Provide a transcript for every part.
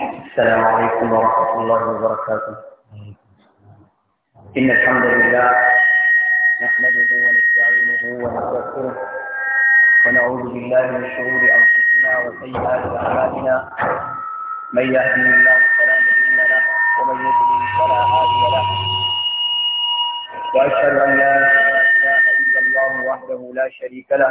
السلام عليكم ورحمة الله وبركاته إن الحمد لله نحمده ونستعينه ونستغفره ونعوذ بالله من شرور أنفسنا وسيئات أعمالنا من يهدي الله فلا مضل له ومن يضلل فلا هادي له وأشهد أن لا إله إلا الله وحده لا شريك له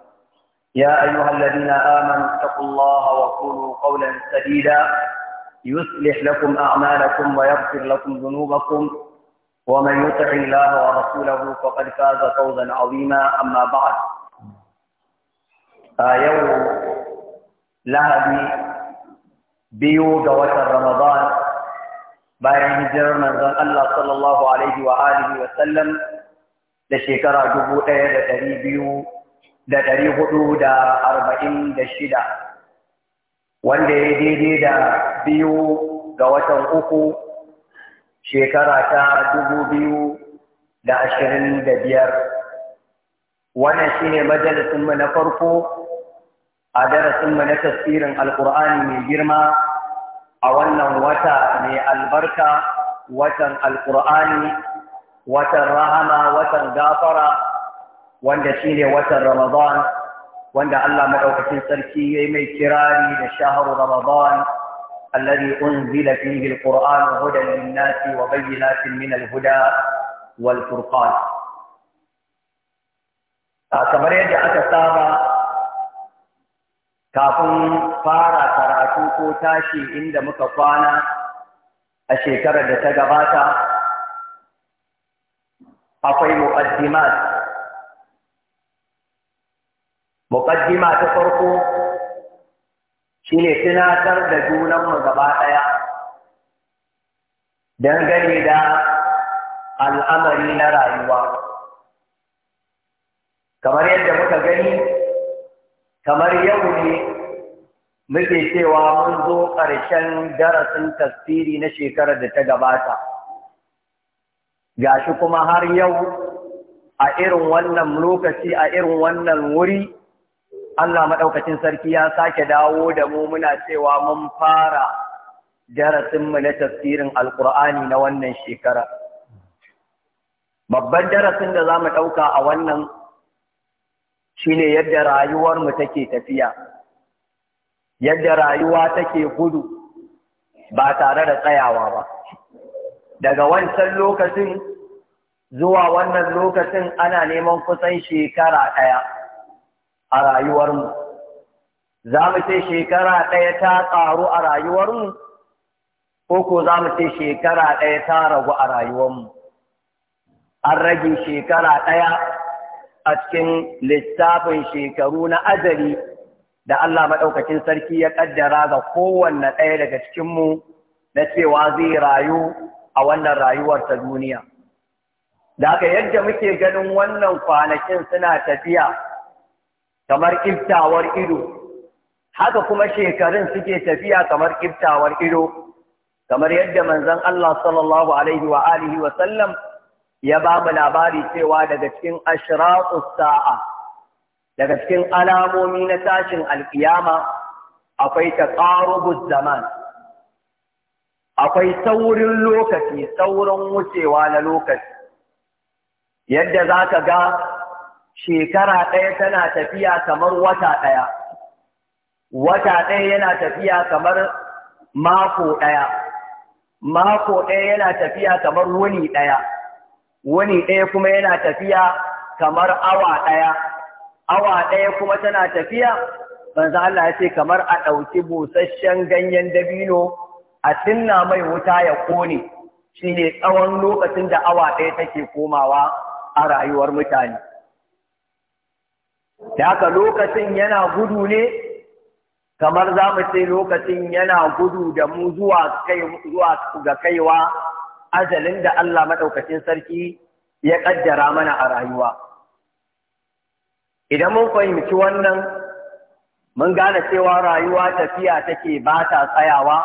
يا أيها الذين آمنوا اتقوا الله وقولوا قولا سديدا يصلح لكم أعمالكم ويغفر لكم ذنوبكم ومن يطع الله ورسوله فقد فاز فوزا عظيما أما بعد آه، يوم لهبي بيو دوات رمضان بايع hijirar الله صلى الله عليه wa alihi وسلم sallam da shekara بيو da ɗari hudu da arba'in da shida wanda ya daidai da biyu ga watan uku shekara ta dubu biyu da ashirin da biyar wannan shi ne majalisunmu na farko a darasinmu na tasirin alkur'ani mai girma a wannan wata mai albarka watan alkur'ani watan rahama watan gafara wanda shine watan Ramadan wanda Allah maɗaukacin sarki yayi mai kirari da shaharu Ramadan alladhi unzila fihi alquran hudan lin-nasi wa bayyinatin min al-huda wal-furqan kamar yadda aka saba kafin fara karatu ko tashi inda muka kwana a shekarar da ta gabata akwai muqaddimat muqaddima ta farko shine tunatar da junan mu gaba ɗaya dangane da al'amari na rayuwa kamar yadda muka gani kamar yau ne muke cewa mun zo ƙarshen darasin tasiri na shekarar da ta gabata ga shi kuma har yau a irin wannan lokaci a irin wannan wuri Allah maɗaukacin sarki ya sake dawo da mu muna cewa mun fara darasinmu na tafsirin Alƙur'ani na wannan shekara. Babban darasin da za mu ɗauka a wannan shi ne yadda rayuwarmu take tafiya, yadda rayuwa take gudu ba tare da tsayawa ba. Daga wancan lokacin zuwa wannan lokacin ana neman kusan shekara ɗaya. a rayuwarmu za mu ce shekara ɗaya ta ƙaru a rayuwarmu ko ko za mu ce shekara ɗaya ta ragu a rayuwarmu an rage shekara ɗaya a cikin littafin shekaru na ajali da Allah maɗaukacin sarki ya ƙaddara ga kowanne ɗaya daga cikinmu na cewa zai rayu a wannan rayuwar ta duniya. Da haka yadda muke ganin wannan kwanakin suna tafiya kamar kiftawar ido haka kuma shekarun suke tafiya kamar kiftawar ido kamar yadda manzon Allah sallallahu alaihi wa alihi wa sallam ya ba mu labari cewa daga cikin ashraqus sa'a daga cikin alamomi na tashin alkiyama akwai taqarubuz zaman akwai saurin lokaci saurin wucewa na lokaci yadda zaka ga shekara ɗaya tana tafiya kamar wata ɗaya, wata ɗaya yana tafiya kamar mako ɗaya, mako ɗaya yana tafiya kamar wuni ɗaya, wuni ɗaya kuma yana tafiya kamar awa ɗaya, awa ɗaya kuma tana tafiya, banza Allah ya ce kamar a ɗauki busasshen ganyen dabino a tunna mai wuta ya kone, shi ne tsawon lokacin da awa ɗaya take komawa a rayuwar mutane. da haka lokacin yana gudu ne kamar za mu ce lokacin yana gudu da mu zuwa ga kaiwa ajalin da Allah maɗaukacin sarki ya ƙaddara mana a rayuwa. Idan mun fahimci wannan, mun gane cewa rayuwa tafiya take ba ta tsayawa,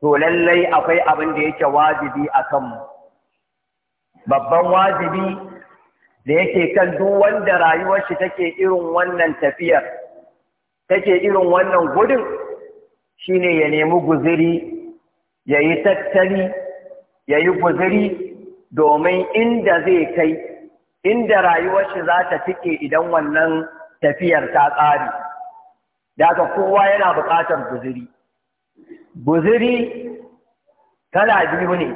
to lallai akwai abin da yake wajibi a mu, Babban wajibi da yake kan duk wanda rayuwar shi take irin wannan tafiyar take irin wannan gudun shine ya nemi guziri ya yi tattali ya yi guziri domin inda zai kai inda rayuwar shi za ta tike idan wannan tafiyar ta tsari daga kowa yana buƙatar guziri guziri kala biyu ne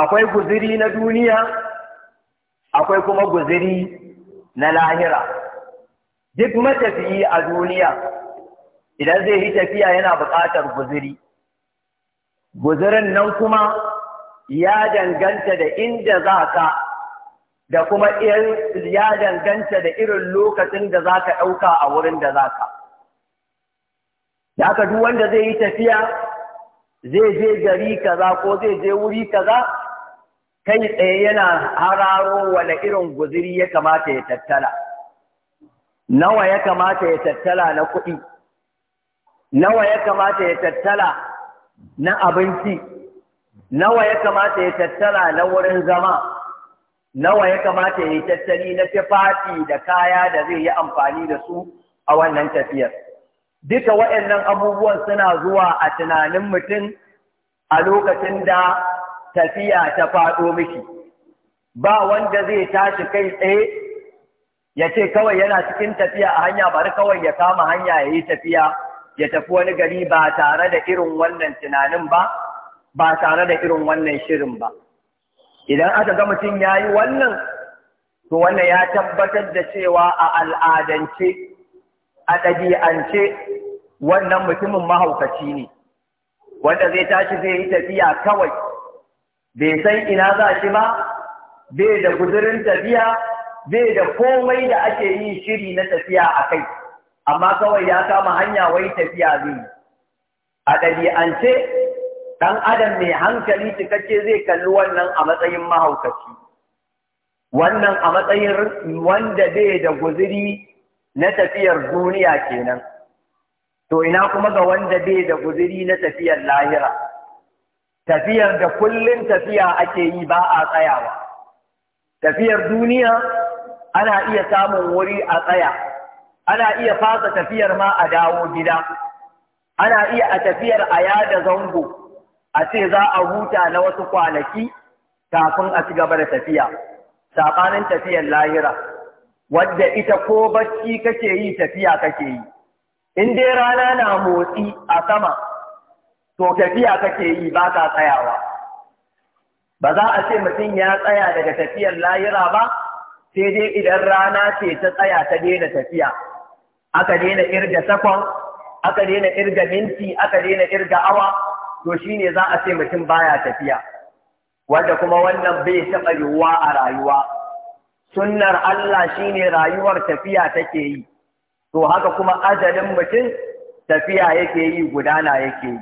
akwai guziri na duniya akwai kuma guziri na lahira duk matafiyi a duniya idan zai yi tafiya yana buƙatar guziri guzirin nan kuma ya danganta da inda za ka da kuma ya danganta da irin lokacin da za ka ɗauka a wurin da za ka da duk wanda zai yi tafiya zai je gari kaza ko zai je wuri kaza kai tsaye yana hararo wani irin guziri ya kamata ya tattala nawa ya kamata ya tattala na kuɗi nawa ya kamata ya tattala na abinci nawa ya kamata ya tattala na wurin zama nawa ya kamata ya tattali na tufafi da kaya da zai yi amfani da su a wannan tafiyar duka waɗannan abubuwan suna zuwa a tunanin mutum a lokacin da tafiya ta faɗo miki ba wanda zai tashi kai tsaye ya ce kawai yana cikin tafiya a hanya bari kawai ya kama hanya yayi tafiya ya tafi wani gari ba tare da irin wannan tunanin ba ba tare da irin wannan shirin ba idan aka ga mutum ya yi wannan to wannan ya tabbatar da cewa a al'adance a ɗabi'ance wannan mutumin mahaukaci ne wanda zai tashi zai yi tafiya kawai bai san ina za shi ba bai da guzurin tafiya bai da komai da ake yi shiri na tafiya a kai amma kawai ya kama hanya wai tafiya zai a ɗabi'ance ɗan adam mai hankali cikakke zai kalli wannan a matsayin mahaukaci wannan a matsayin wanda bai da guziri na tafiyar duniya kenan to ina kuma ga wanda bai da guziri na tafiyar lahira tafiyar da kullum tafiya ake yi ba a tsayawa tafiyar duniya ana iya samun wuri a tsaya ana iya fasa tafiyar ma a dawo gida ana iya a tafiyar a yada zango a ce za a huta na wasu kwanaki kafin a ci gaba da tafiya saɓanin tafiyar lahira wadda ita ko bacci kake yi tafiya kake yi in dai rana na motsi a sama to tafiya kake yi ba ka tsayawa ba za a ce mutum ya tsaya daga tafiyar layira ba sai dai idan rana ce ta tsaya ta daina tafiya aka daina irga sakon aka daina irga minti aka daina irga awa to shine za a ce mutum baya tafiya wanda kuma wannan bai taɓa yiwuwa a rayuwa sunnar Allah shine rayuwar tafiya take yi to haka kuma ajalin mutum tafiya yake yi gudana yake yi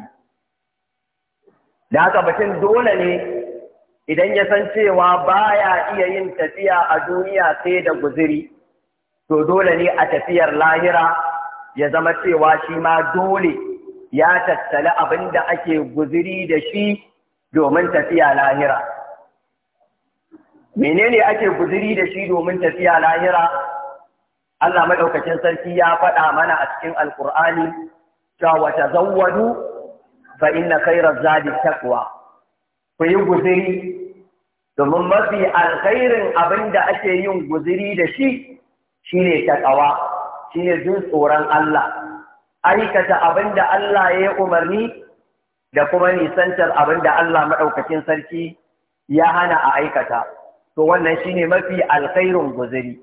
da haka batun dole ne idan ya san cewa baya iya yin tafiya a duniya sai da guziri to dole ne a tafiyar lahira ya zama cewa shi ma dole ya tattali abin da ake guziri da shi domin tafiya lahira menene ake guziri da shi domin tafiya lahira Allah maɗaukacin sarki ya faɗa mana a cikin alkur'ani cewa zawwadu fa inna khairaz zadi taqwa ku yi guziri domin mafi alkhairin abin da ake yin guziri da shi shine taqwa shine jin tsoron Allah aikata abin da Allah ya yi umarni da kuma nisantar abin da Allah maɗaukacin sarki ya hana a aikata to wannan shine mafi alkhairin guziri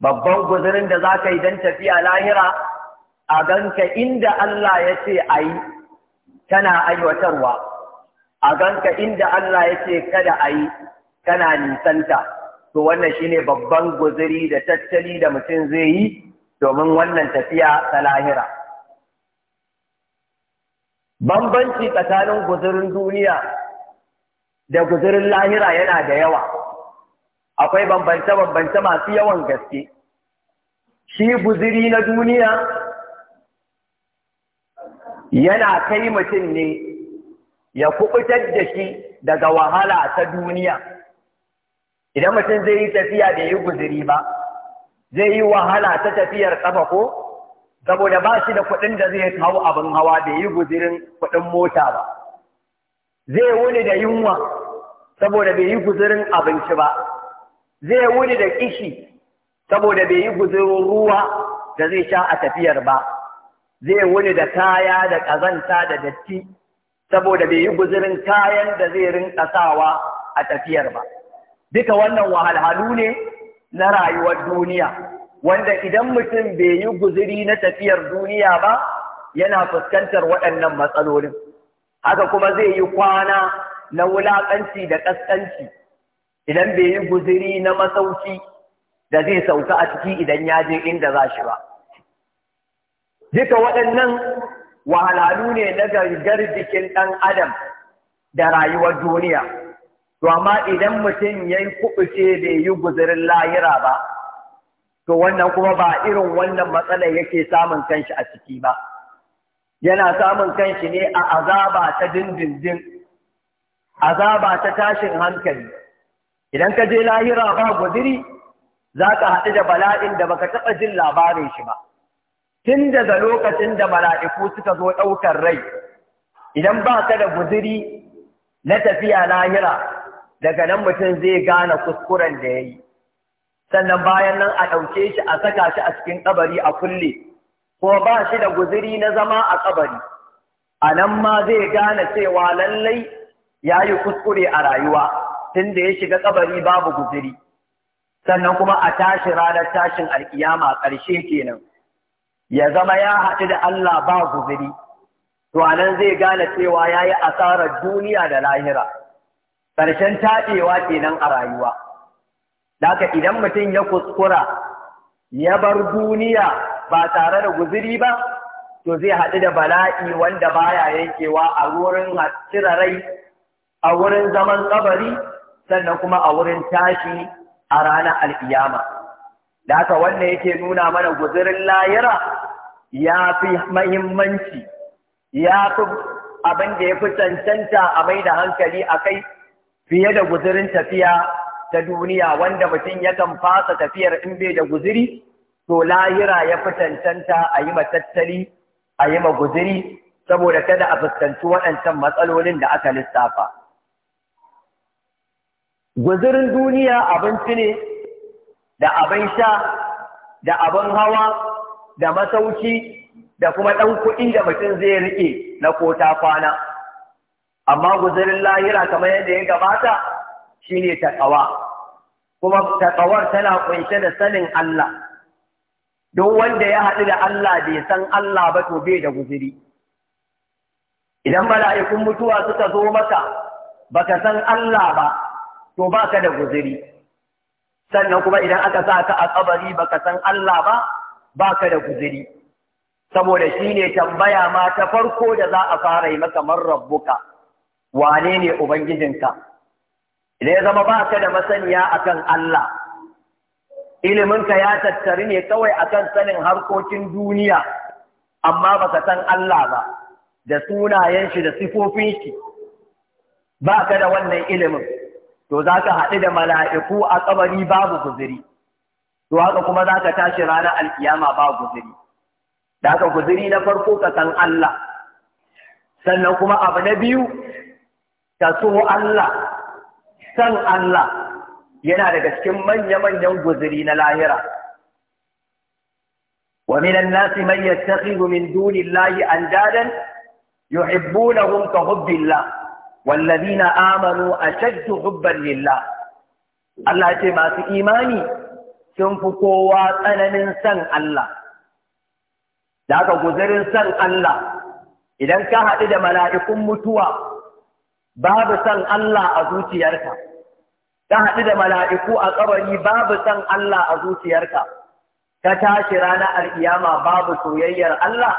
babban guzirin da za ka yi don tafiya lahira a ganka inda Allah ya ce a yi tana aiwatarwa a ganka inda Allah yake kada a yi kana nisanta to wannan shi ne babban guzuri da tattali da mutum zai yi domin wannan tafiya ta lahira bambanci tsakanin guzurin duniya da guzurin lahira yana da yawa akwai bambance-bambance masu yawan gaske shi guziri na duniya yana kai mutum ne ya kubutar da shi daga wahala ta duniya idan mutum zai yi tafiya da yi guziri ba zai yi wahala ta tafiyar ƙafa ko saboda ba shi da kuɗin da zai hau abin hawa da yi guzirin kuɗin mota ba zai wuni da yunwa saboda bai yi guzirin abinci ba zai wuni da kishi saboda bai yi guzirin ruwa da zai sha a tafiyar ba zai wuni da kaya da ƙazanta da datti saboda bai yi guzurin kayan da zai rinka sawa a tafiyar ba duka wannan wahalhalu ne na rayuwar duniya wanda idan mutum bai yi guzuri na tafiyar duniya ba yana fuskantar waɗannan matsalolin haka kuma zai yi kwana na wulaƙanci da ƙasƙanci idan bai yi guzuri na masauki da zai sauka a ciki idan ya je inda za shi ba duka waɗannan wahalalu ne na gargar jikin ɗan adam da rayuwar duniya to amma idan mutum ya yi kuɓuce bai yi guzurin lahira ba to wannan kuma ba irin wannan matsalar yake samun kanshi a ciki ba yana samun kanshi ne a azaba ta dindindin azaba ta tashin hankali idan ka je lahira ba guziri za ka haɗu da bala'in da baka taɓa jin labarin shi ba tun daga lokacin da mala'iku suka zo ɗaukar rai idan ba ka da guziri na tafiya lahira daga nan mutum zai gane kuskuren da ya yi sannan bayan nan a ɗauke shi a saka shi a cikin ƙabari a kulle ko ba shi da guziri na zama a ƙabari a nan ma zai gane cewa lallai ya yi kuskure a rayuwa tun da ya shiga ƙabari babu guziri sannan kuma a tashi ranar tashin alƙiyama ƙarshe kenan ya zama ya haɗu da Allah ba guziri, to anan zai gane cewa ya yi asarar duniya da lahira, ƙarshen taɗewa kenan a rayuwa. Daka idan mutum ya kuskura ya bar duniya ba tare da guziri ba, to zai haɗu da bala'i wanda baya yankewa a wurin rai, a wurin zaman ƙabari, sannan kuma a wurin tashi a ranar al'iyama. da aka wannan yake nuna mana guzirin layira ya fi mahimmanci ya fi abin da ya fi cancanta a mai da hankali a kai fiye da guzirin tafiya ta duniya wanda mutum yakan fasa tafiyar in bai da guziri to lahira ya fi cancanta a yi matattali a yi guziri, saboda kada a fuskanci waɗancan matsalolin da aka lissafa. Guzirin duniya abinci ne da abin sha da abin hawa da masauki da kuma ɗan kuɗi da mutum zai riƙe na kota kwana amma guzurin lahira kamar yadda ya gabata shi shine ƙawa, kuma taƙawar tana ƙunshe da sanin Allah duk wanda ya haɗu da Allah bai san Allah ba to bai da guziri idan mala'ikun mutuwa suka zo maka baka san Allah ba to baka da guziri sannan kuma idan aka sa ka a kabari baka san Allah ba baka da guzuri saboda shine tambaya ma ta farko da za a fara yi maka man rabbuka wane ne ubangijinka idan ya zama baka da masaniya akan Allah iliminka ya tattari ne kawai akan sanin harkokin duniya amma baka san Allah ba da sunayen shi da sifofin shi baka da wannan ilimin to za ka haɗu da mala'iku a kabari babu guziri to haka kuma za ka tashi ranar alkiyama babu guziri da haka guziri na farko ka san Allah sannan kuma abu na biyu ka so Allah san Allah yana daga cikin manya-manyan guziri na lahira ومن الناس من يتخذ من دون الله أندادا يحبونهم كحب الله na amanu ashaddu hubban lillah Allah ce masu imani sun fi kowa tsananin san Allah da haka guzarin san Allah idan ka haɗu da mala'ikun mutuwa babu san Allah a zuciyarka ka haɗu da mala'iku a ƙabari babu san Allah a zuciyarka ka tashi rana al'iyama babu soyayyar Allah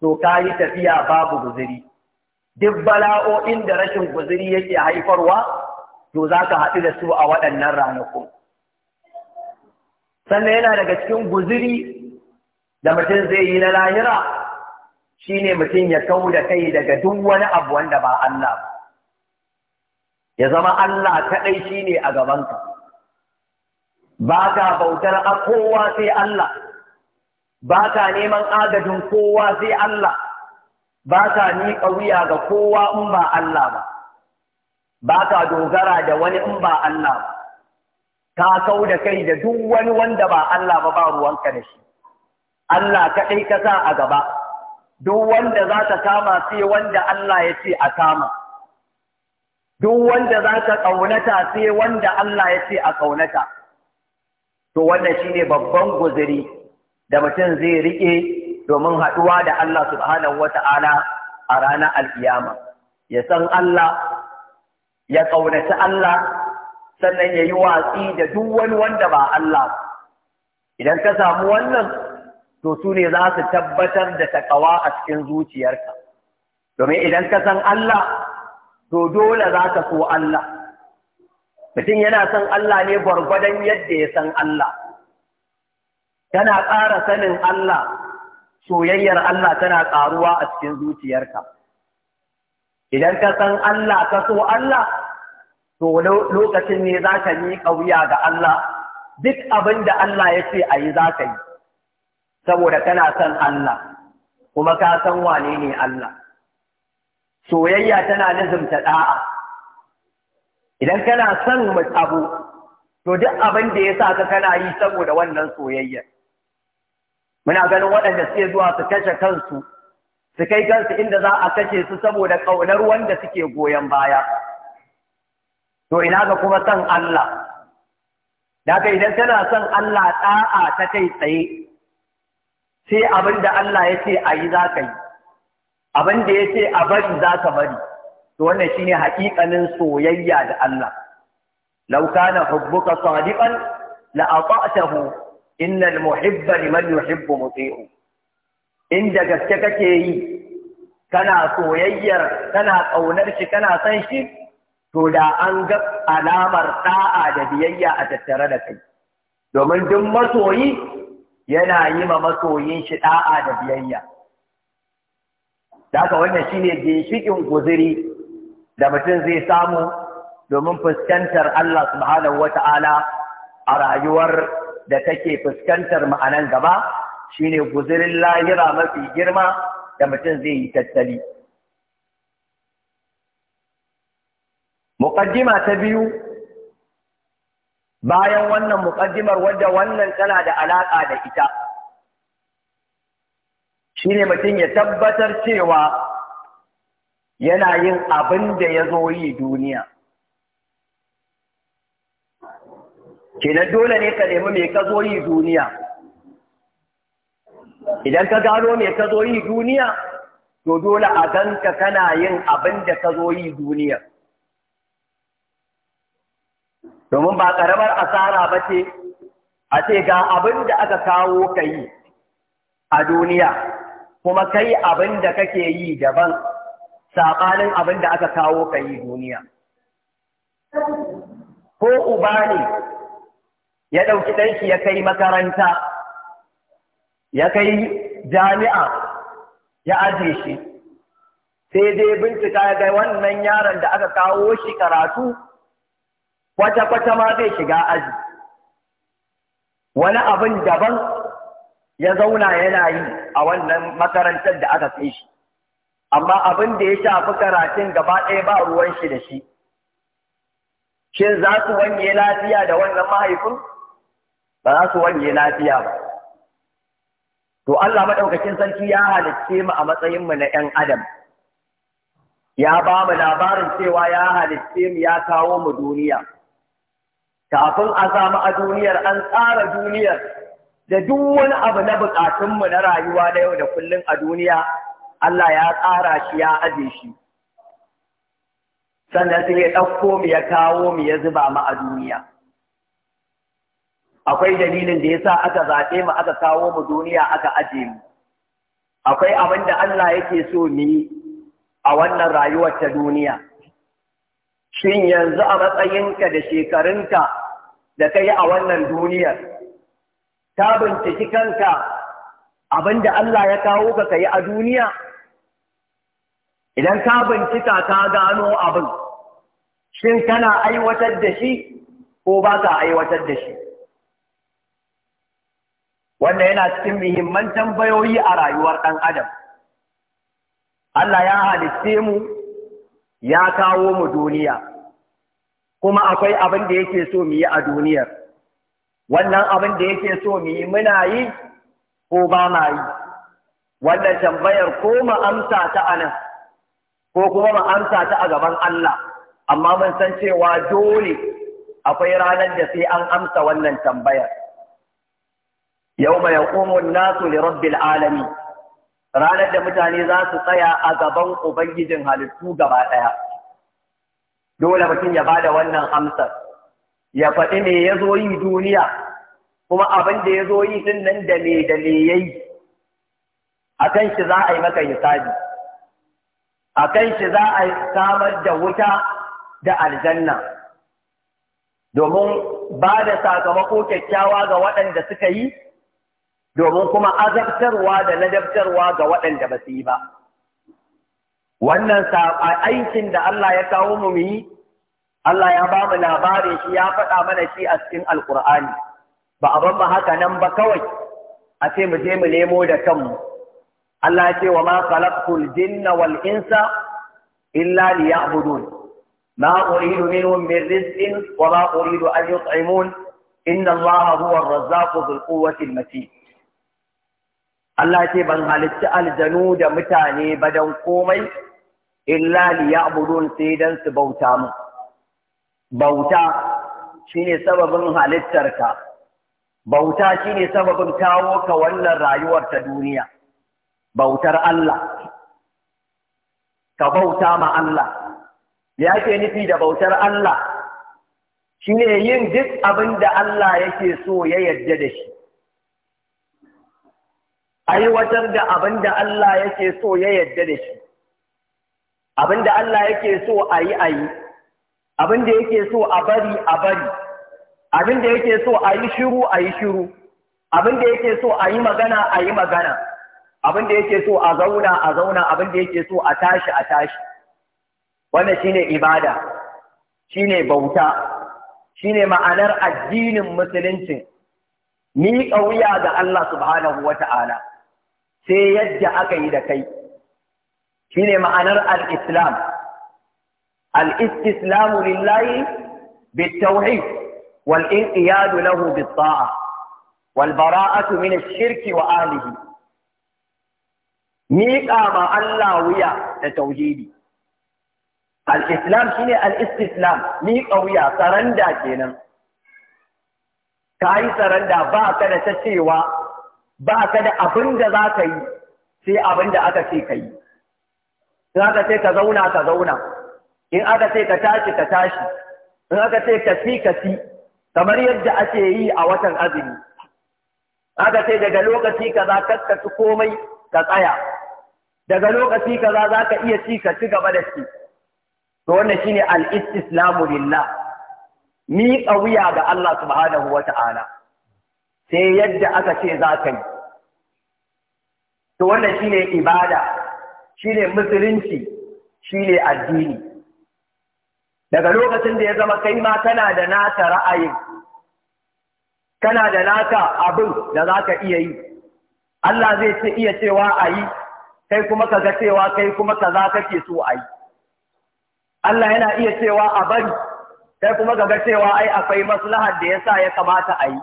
to ka yi tafiya babu guziri. duk bala'o'in da rashin guzuri yake haifarwa to za ka haɗu da su a waɗannan ranakun sannan yana daga cikin guziri da mutum zai yi na lahira shi ne mutum ya kau da kai daga duk wani abu wanda ba Allah ba ya zama Allah kaɗai ne a gabanka ba ka bautar a kowa sai Allah ba ka neman agajin kowa sai Allah ba ka miƙa wuya ga kowa in ba Allah ba, ba ka dogara da wani in ba Allah ba, ka kau da kai da duk wani wanda ba Allah ba ba ruwanka da shi. Allah kaɗai ka sa a gaba, duk wanda za ta kama sai wanda Allah ya ce a kama, duk wanda za ta ƙaunata sai wanda Allah ya ce a ƙaunata. To wannan shi ne babban guziri da mutum zai riƙe domin haɗuwa da Allah subhanahu wata'ala a ranar al'iyama ya san Allah ya ƙaunaci Allah sannan ya yi watsi da duk wani wanda ba Allah idan ka samu wannan to su ne za su tabbatar da taƙawa a cikin zuciyarka domin idan ka san Allah to dole za ka so Allah mutum yana son Allah ne gwargwadon yadda ya san Allah, tana ƙara sanin Allah soyayyar Allah tana ƙaruwa a cikin zuciyarka. Idan ka san Allah ka so Allah, to lokacin ne za ka yi ƙauya ga Allah, duk abin da Allah ya ce a yi za ka yi, saboda kana son Allah, kuma ka san wane ne Allah. Soyayya tana nizumta ɗa'a. Idan kana son abu, to duk abin da ya sa ka kana yi saboda wannan soyayyar. muna ganin waɗanda suke zuwa su kashe kansu su kai kansu inda za a kashe su saboda ƙaunar wanda suke goyon baya to ina ga kuma san Allah Da ka idan tana son Allah ɗa'a ta kai tsaye sai abinda Allah ya ce a yi za ka yi abin ya ce a bari za ka bari to wannan shine haƙiƙanin soyayya da Allah لو كان حبك صادقا la innal muhibba liman yuhibbu muti'u inda gaske kake yi kana soyayyar kana ƙaunar shi kana san shi to da an ga alamar ɗa'a da biyayya a tattare da kai domin duk masoyi yana yi ma masoyin shi ɗa'a da biyayya da haka wannan shine ginshiƙin guziri da mutum zai samu domin fuskantar Allah subhanahu Ta'ala a rayuwar da take fuskantar mu a nan gaba shine guzurin lahira mafi girma da mutum zai yi tattali muqaddima ta biyu bayan wannan muƙaddimar wadda wannan tana da alaƙa da ita shine mutum ya tabbatar cewa yana yin abin da ya zo yi duniya kenan dole ne ka nemi mai ka yi duniya idan ka gano mai ka zo yi duniya to dole a ganka kana yin abin da ka yi duniya domin ba ƙaramar asara ba ce a ce ga abin da aka kawo ka yi a duniya kuma kai abin da kake yi daban saɓanin abin da aka kawo ka yi duniya ko uba ne ya ɗauki ɗanki ya kai makaranta ya kai jami'a ya ajiye shi sai dai bincika ya ga wannan yaron da aka kawo shi karatu kwata-kwata ma zai shiga aji wani abin daban ya zauna yana yi a wannan makarantar da aka kai shi amma abin da ya shafi karatun gaba ɗaya ba ruwan shi da shi shin za su wanye lafiya da wannan mahaifin ba za su wanye lafiya ba to Allah maɗaukakin sarki ya halicce mu a matsayin mu na ‘yan adam ya ba mu labarin cewa ya halicce mu ya kawo mu duniya kafin a samu a duniyar an tsara duniyar da duk wani abu na buƙatunmu na rayuwa na yau da kullum a duniya Allah ya tsara shi ya aje shi sannan sai ya ɗauko mu ya kawo mu ya zuba mu a duniya akwai dalilin da yasa aka zaɓe mu aka kawo mu duniya aka aje mu akwai abin da Allah yake so ni a wannan rayuwar ta duniya shin yanzu a matsayinka da shekarunka da kai a wannan duniyar ta binciki kanka abin da Allah ya kawo ka kai a duniya idan ka bincika ka gano abin shin kana aiwatar da shi ko ba ka aiwatar da shi wanda yana cikin muhimman tambayoyi a rayuwar ɗan adam Allah ya halitte mu ya kawo mu duniya kuma akwai abin da yake so mu yi a duniyar wannan abin da yake so mu yi muna yi ko ba ma yi wannan tambayar ko mu amsa ta anan ko kuma mu amsa ta a gaban Allah amma mun san cewa dole akwai ranar da sai an amsa wannan tambayar yau mai an-nasu li ranar da mutane za su tsaya a gaban ubangijin halittu gaba ɗaya dole mutum ya bada wannan amsar ya faɗi me ya zo yi duniya kuma abin da ya zo yi din nan da me da me yayi akan shi za a yi maka hisabi kan shi za a samar da wuta da aljanna domin ba da sakamako kyakkyawa ga waɗanda suka yi domin kuma azabtarwa da ladabtarwa ga waɗanda ba su yi ba wannan aikin da Allah ya kawo mu yi Allah ya ba mu labarin shi ya faɗa mana shi a cikin alkur'ani ba a ba haka nan ba kawai a ce mu je mu nemo da kanmu Allah ya ce wa ma khalaqtul jinna wal insa illa liya'budun ما أريد منهم من رزق وما أريد أن يطعمون إن الله هو الرزاق ذو القوة المتين Allah ce ban halitta aljanu da mutane ba don komai illa liya'budun sai dan su bauta mu bauta shine sababin halittarka bauta shine sababin kawo ka wannan rayuwar ta duniya bautar Allah ka bauta ma Allah ya ke nufi da bautar Allah shine yin duk abin da Allah yake so ya yarda da shi aiwatar da abin da Allah yake so ya yarda da shi abin da Allah yake so a yi a yi abin da yake so a bari a bari abin da yake so a yi shiru a yi shiru abin da yake so a yi magana a yi magana abin da yake so a zauna a zauna abin da yake so a tashi a tashi wannan shine ibada shine bauta shine ma'anar addinin musulunci ni ƙauya ga Allah subhanahu wa ta'ala. sai yadda aka yi da kai shine ma'anar al-islam al-islam lillahi bitawhid wal inqiyad lahu bitta'a wal bara'atu min ash-shirk wa alihi. ni ma Allah wuya da tauhidi al-islam shine al-istislam ni ka wuya saranda kenan kai saranda ba ka da cewa ba ka da abin da za ka yi sai abin da aka ce ka yi in aka ce ka zauna ka zauna in aka ce ka tashi ka tashi in aka ce ka fi ka fi kamar yadda ake yi a watan azumi aka ce daga lokaci ka za ka ci komai ka tsaya daga lokaci ka za za ka iya ci ka ci gaba da shi to wannan shine al-istislamu lillah miƙa wuya ga Allah subhanahu wa ta'ala sai yadda aka ce za ka yi to wannan ne ibada shi ne musulunci shi ne addini daga lokacin da ya zama kai ma kana da nata ra'ayin kana da nata abin da za ka iya yi Allah zai ce iya cewa a yi kai kuma ka ga cewa kai kuma ka za ka ke so a yi Allah yana iya cewa a bari kai kuma ka ga cewa ai akwai maslahar da ya sa ya kamata a yi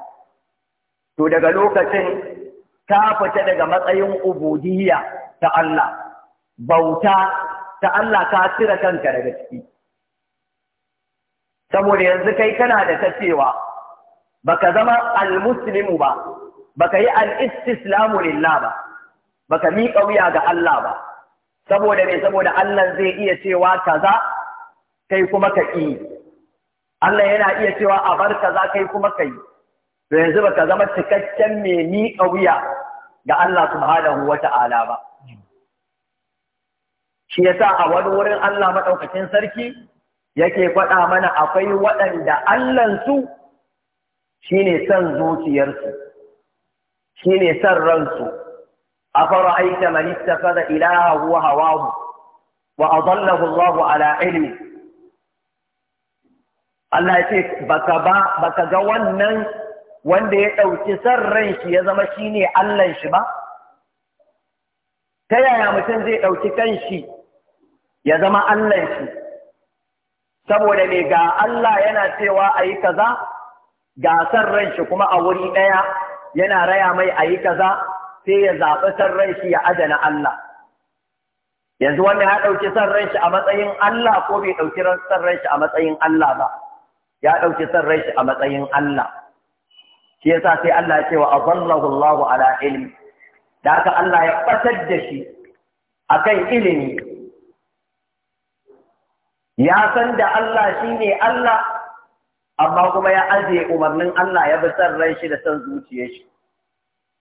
to daga lokacin ta fita daga matsayin ubudiyya ta Allah bauta ta Allah ka cire kanka daga ciki saboda yanzu kai kana da ta cewa baka zama almuslimu ba baka yi al-istislamu lillah ba baka miƙa wuya ga Allah ba saboda me saboda Allah zai iya cewa kaza kai kuma ka yi Allah yana iya cewa a bar kaza kai kuma ka yi to yanzu baka zama cikakken mai miƙa wuya ga Allah subhanahu wata'ala ba shi ya sa a wani wurin Allah maɗaukacin sarki yake faɗa mana akwai waɗanda Allahnsu ne son zuciyarsu shi ne son ransu afara'aita man fada ilahahu wa hawahu wa adallahu Allahu ala ilmi Allah ya ce ba ka ga wannan wanda ya ɗauki san ran shi ya zama shi ne Allahn shi ba? Ta yaya mutum zai ɗauki kanshi ya zama Allahn shi? Saboda ne ga Allah yana cewa a yi kaza, ga san ran shi kuma a wuri ɗaya yana raya mai a yi kaza, sai ya zaɓi san ran shi ya adana Allah. Yanzu wanda ya ɗauki san ran shi a matsayin Allah ko bai ɗauki san ran shi a matsayin Allah ba, ya ɗauki san ran shi a matsayin Allah. shi yasa sai Allah ya ce wa azallahu Allah ala ilmi da haka Allah ya batar da shi akan ilimi ya san da Allah shine Allah amma kuma ya ajiye umarnin Allah ya bi san rai shi da san zuciyar shi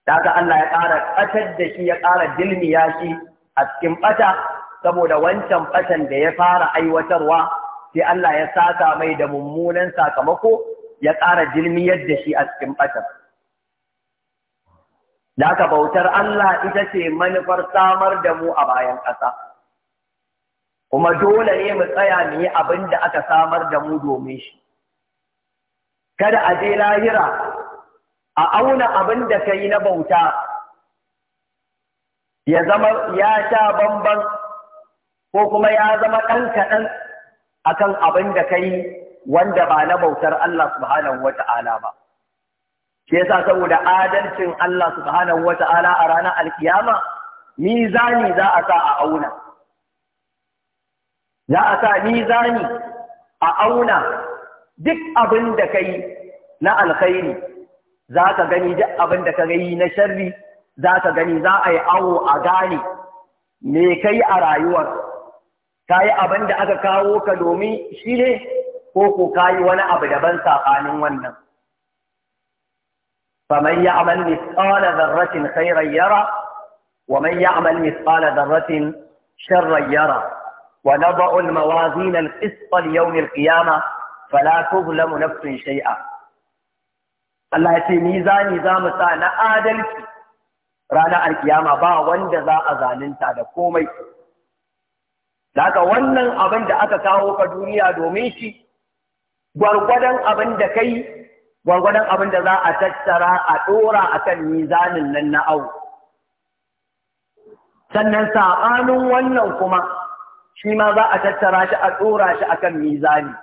da haka Allah ya ƙara batar da shi ya ƙara dilmiya shi a cikin fata saboda wancan fatan da ya fara aiwatarwa sai Allah ya saka mai da mummunan sakamako ya ƙara jilmiyar da shi a cikin ɓatar. Da aka bautar Allah ita ce manufar samar da mu a bayan ƙasa. Kuma dole ne mu tsaya mu yi abin da aka samar da mu domin shi. Kada a je lahira a auna abin da ka yi na bauta ya zama ya sha bamban ko kuma ya zama ɗan kaɗan akan abin da ka yi wanda ba na bautar Allah subhanahu wata'ala ba Ke sa saboda adalcin Allah subhanahu wata'ala a ranar alkiyama mizani za a sa a auna za a sa mizani a auna duk abin da yi na alkhairi za ka gani duk abin da ka yi na sharri za ka gani za a yi awo a gane me kai a rayuwar ka yi abin da aka kawo ka domin shi ne ko ko ka yi wani abu daban saɓanin wannan faman ya amal misqala dharratin khairan yara wa man ya amal misqala dharratin sharran yara wa nada'u al-mawazin al-qist al-yawm al-qiyamah fala tuzlamu nafsun shay'a Allah ya ce mizani za mu sa na adalci ranar alkiyama ba wanda za a zalunta da komai. Daga wannan abin da aka kawo ka duniya domin shi, gwargwadon abin da kai gwargwadon abin da za a tattara a ɗora a kan mizanin nan na au sannan saɓanin wannan kuma shi ma za a tattara shi a ɗora shi a kan mizani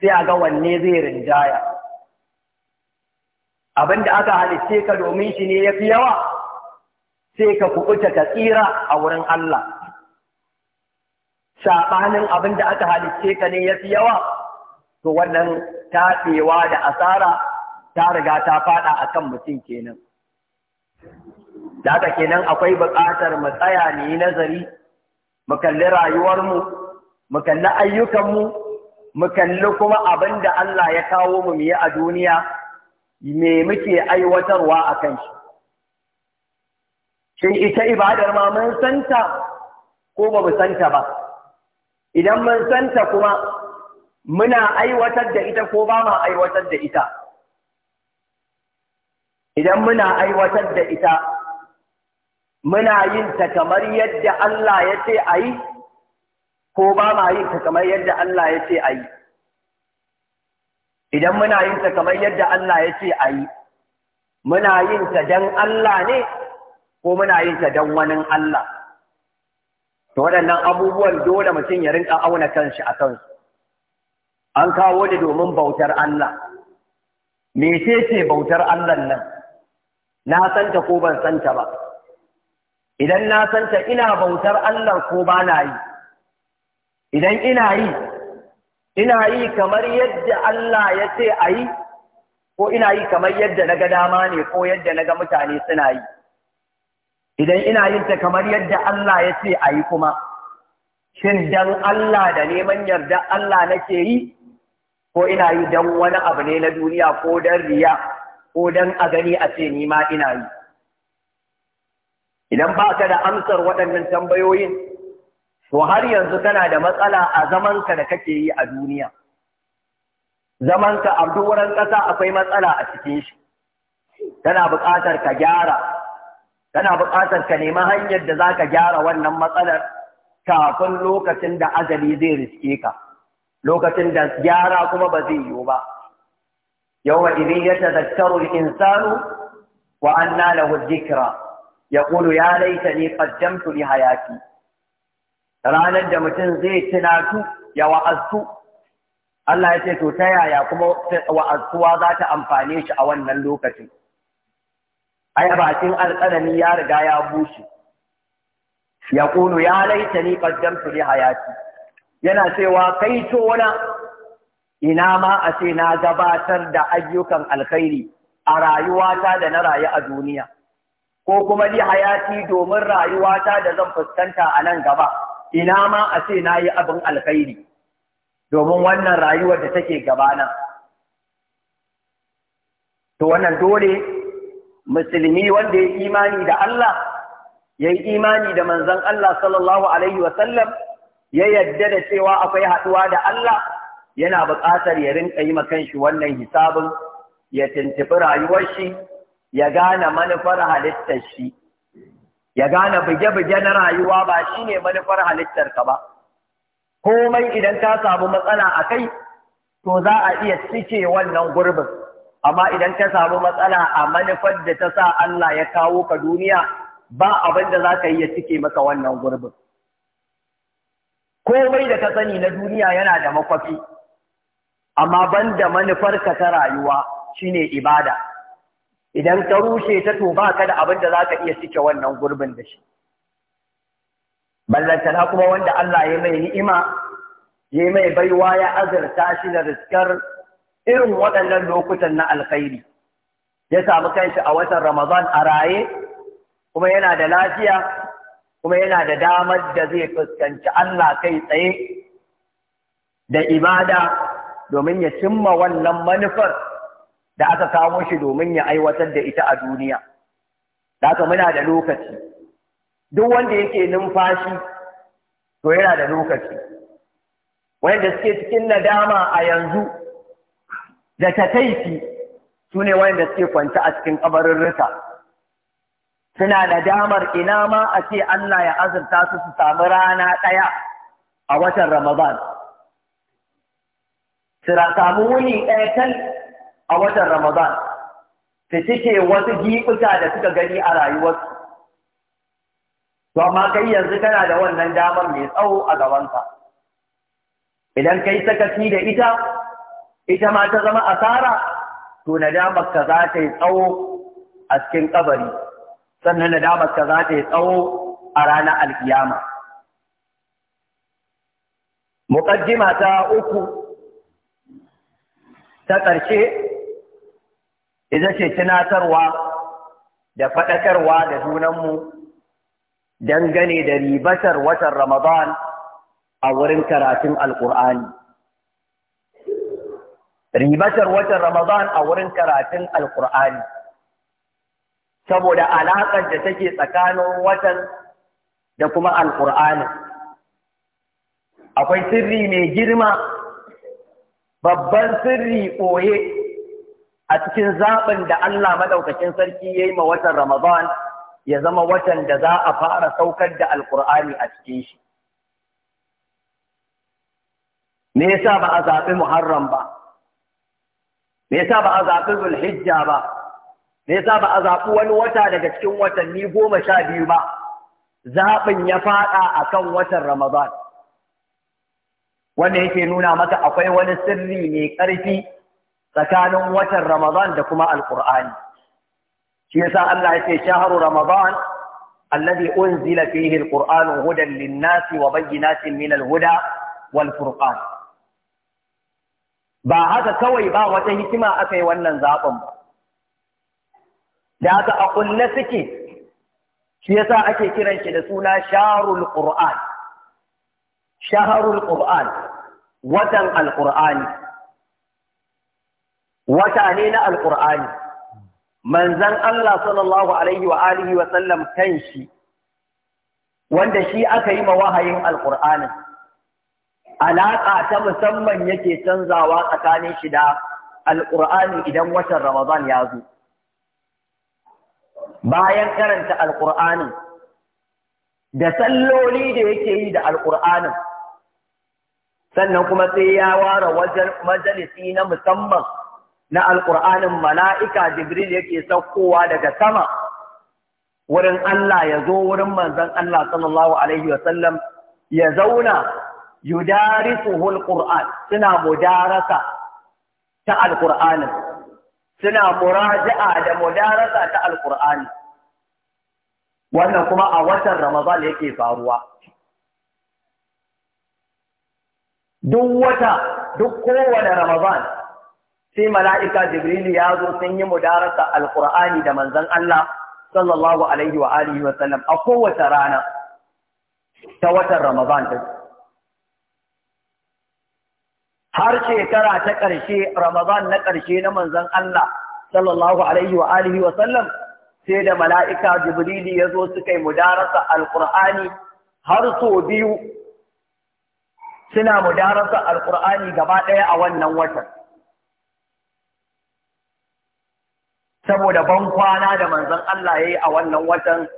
sai a ga wanne zai rinjaya abin da aka halitce ka domin shi ne ya fi yawa sai ka kuɓuta ka tsira a wurin Allah saɓanin abin da aka halitce ka ne ya fi yawa to wannan taɓewa da asara ta riga ta faɗa akan kan mutum kenan. Da kenan akwai buƙatar mu tsaya ne nazari, mu kalli rayuwarmu, mu kalli ayyukanmu, mu kalli kuma abinda Allah ya kawo mu yi a duniya, me muke aiwatarwa a kan shi. Shin ita ibadar ma mun santa ko ba mu santa ba, idan mun santa kuma muna aiwatar da ita ko ba ma aiwatar da ita idan muna aiwatar da ita muna yin ta kamar yadda Allah ya ce a yi ko ba ma yin ta kamar yadda Allah ya ce a yi idan muna yin ta kamar yadda Allah ya ce a yi muna yin ta don Allah ne ko muna yin ta don wani Allah to waɗannan abubuwan dole mutum ya rinka auna kanshi a kansu an kawo ne domin bautar Allah mece ce bautar Allah nan na santa ko ban santa ba idan na santa ina bautar Allah ko ba na yi idan ina yi ina yi kamar yadda Allah ya ce a yi ko ina yi kamar yadda na ga dama ne ko yadda na ga mutane suna yi idan ina yin ta kamar yadda Allah ya ce a yi kuma shin dan Allah da neman yarda Allah nake yi ko ina yi don wani abu ne na duniya ko don riya ko don a gani a ce ni ma ina yi idan ba ka da amsar waɗannan tambayoyin to har yanzu kana da matsala a zamanka da kake yi a duniya zamanka a wurin ƙasa akwai matsala a cikin shi tana buƙatar ka gyara tana buƙatar ka nemi hanyar da za ka gyara wannan matsalar kafin lokacin da azali zai riske ka lokacin da gyara kuma ba zai yiwu ba yawma idin ya tazakkaru al-insanu wa anna lahu dhikra yaqulu ya ni qaddamtu li hayati ranar da mutum zai tunatu ya wa'azu Allah ya ce to ta yaya kuma wa'azuwa za ta amfane shi a wannan lokacin ai bakin alƙalami ya riga ya bushe yaqulu ya ni qaddamtu li hayati yana cewa kai tona ina ma a ce na gabatar da ayyukan alkhairi a rayuwata da na rayu a duniya ko kuma li hayati domin rayuwata da zan fuskanta a nan gaba ina ma a ce na yi abin alkhairi domin wannan rayuwar da take gabana to wannan dole musulmi wanda ya imani da Allah ya yi imani da manzon Allah sallallahu alaihi wa ya yadda da cewa akwai haɗuwa da Allah yana buƙatar ya rinƙa yi shi wannan hisabin ya tuntuɓi rayuwar shi ya gane manufar halittar shi ya gane buge-buge na rayuwa ba shine manufar halittar ka ba komai idan ka samu matsala a kai to za a iya cike wannan gurbin amma idan ka samu matsala a manufar da ta sa Allah ya kawo ka duniya ba abin da za ka yi cike maka wannan gurbin komai da ka sani na duniya yana da makwafi amma ban banda manufarka ta rayuwa shine ibada idan ka rushe ta to ba ka da abin da za ka iya cike wannan gurbin da shi na kuma wanda Allah ya mai ni'ima ya mai baiwa ya azurta shi da riskar irin waɗannan lokutan na alkhairi ya samu kanshi a watan Ramadan a raye kuma yana da lafiya kuma yana da damar da zai fuskanci Allah kai tsaye da ibada domin ya cimma wannan manufar da aka kawo shi domin ya aiwatar da ita a duniya. Da aka muna da lokaci, duk wanda yake numfashi to yana da lokaci. Wanda suke cikin nadama a yanzu da ta su ne wanda suke kwanci a cikin kabarurruka. suna nadamar ina ma a ce Allah ya azurta su su samu rana ɗaya a watan Ramadan. Su samu wuni ɗaya tal a watan Ramadan, su cike wasu giɓuta da suka gani a rayuwarsu. To, amma kai yanzu kana da wannan damar mai tsawo a gabanka. Idan kai sakaci da ita, ita ma ta zama asara, to nadamar ka za ta yi tsawo a cikin kabari. sannan nadamar ka za ta yi tsawo a ranar alkiyama muƙaddima ta uku ta ƙarshe ita ce tunatarwa da faɗakarwa da junanmu dangane da ribatar watan Ramadan a wurin karatun Alƙur'ani. Ribatar watan Ramadan a wurin karatun Alƙur'ani. saboda alaƙar da take tsakanin watan da kuma alƙur'ani akwai sirri mai girma babban sirri ɓoye a cikin zaɓin da Allah maɗaukacin sarki ya yi ma watan Ramadan ya zama watan da za a fara saukar da alƙur'ani a cikin shi. Me yasa ba a zaɓi Muharram ba? Me yasa ba a zaɓi Zulhijja ba? me yasa ba a zaɓi wani wata daga cikin watanni goma sha biyu ba zaɓin ya faɗa a kan watan ramadan wanda yake nuna maka akwai wani sirri mai ƙarfi tsakanin watan ramadan da kuma alƙur'ani shi yasa Allah ya ce shahar ramadan alladhi unzila fihi alqur'anu hudan lin-nasi wa bayyinatin min al-huda wal furqan ba haka kawai ba wata hikima aka yi wannan zaɓin ba da haka a kulle suke shi yasa ake kiran shi da suna shaharul qur'an shaharul qur'an watan wata ne na alqur'ani manzon Allah sallallahu alaihi wa alihi wa sallam kanshi wanda shi aka yi ma wahayin alqur'anin alaƙa ta musamman yake canzawa tsakanin shi da alƙur'ani idan watan Ramadan ya zo. bayan karanta alƙur'anin da salloli da yake yi da alƙur'anin sannan kuma sai ya ware wajen majalisi na musamman na alƙur'anin mala'ika jibril yake saukowa daga sama wurin Allah ya zo wurin manzon Allah sallallahu alaihi wasallam ya zauna yudarisuhul qur'an suna mudarasa ta alƙur'anin suna muraja'a da mudarasa ta alkur'ani wannan kuma a watan ramadan yake faruwa duk wata duk kowane ramadan sai mala'ika jibril ya zo sun yi mudarasa alkur'ani da manzon Allah sallallahu alaihi wa alihi wa sallam a kowace rana ta watan ramadan din har shekara ta ƙarshe Ramadan na ƙarshe na manzon Allah sallallahu alaihi wa alihi wa sallam sai da mala'ika Jibrili ya zo suka yi mudarasa alƙur'ani har so biyu suna mudarasa alƙur'ani gaba ɗaya a wannan watan. Saboda ban kwana da manzon Allah ya yi a wannan watan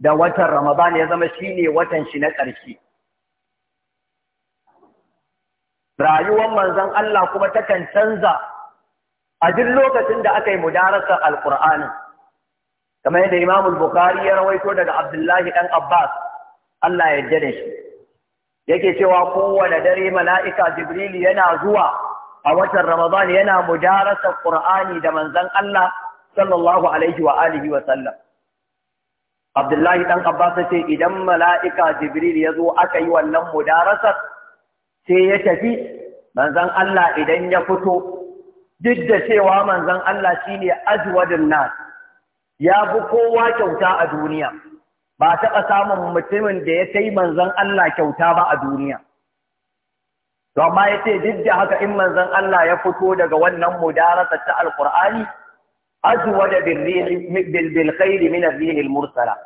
da watan Ramadan ya zama shi ne watan shi na ƙarshe. rayuwar manzon Allah kuma takan canza a duk lokacin da aka yi mudarasar alqur'anin kamar yadda Imam Bukhari ya rawaito daga Abdullahi dan Abbas Allah ya yarda da shi yake cewa kowane dare mala'ika Jibril yana zuwa a watan Ramadan yana mudarasar Qur'ani da manzon Allah sallallahu alaihi wa alihi wa sallam Abdullahi Ɗan Abbas ce idan mala'ika Jibril ya zo aka yi wannan mudarasar sai ya tafi manzan Allah idan ya fito duk da cewa manzon Allah shine ajwadun nas ya fi kowa kyauta a duniya ba taɓa samun mutumin da ya kai manzon Allah kyauta ba a duniya to amma ce duk da haka in manzon Allah ya fito daga wannan mudarasa ta Alƙur'ani, ajwada da bil min ar mursala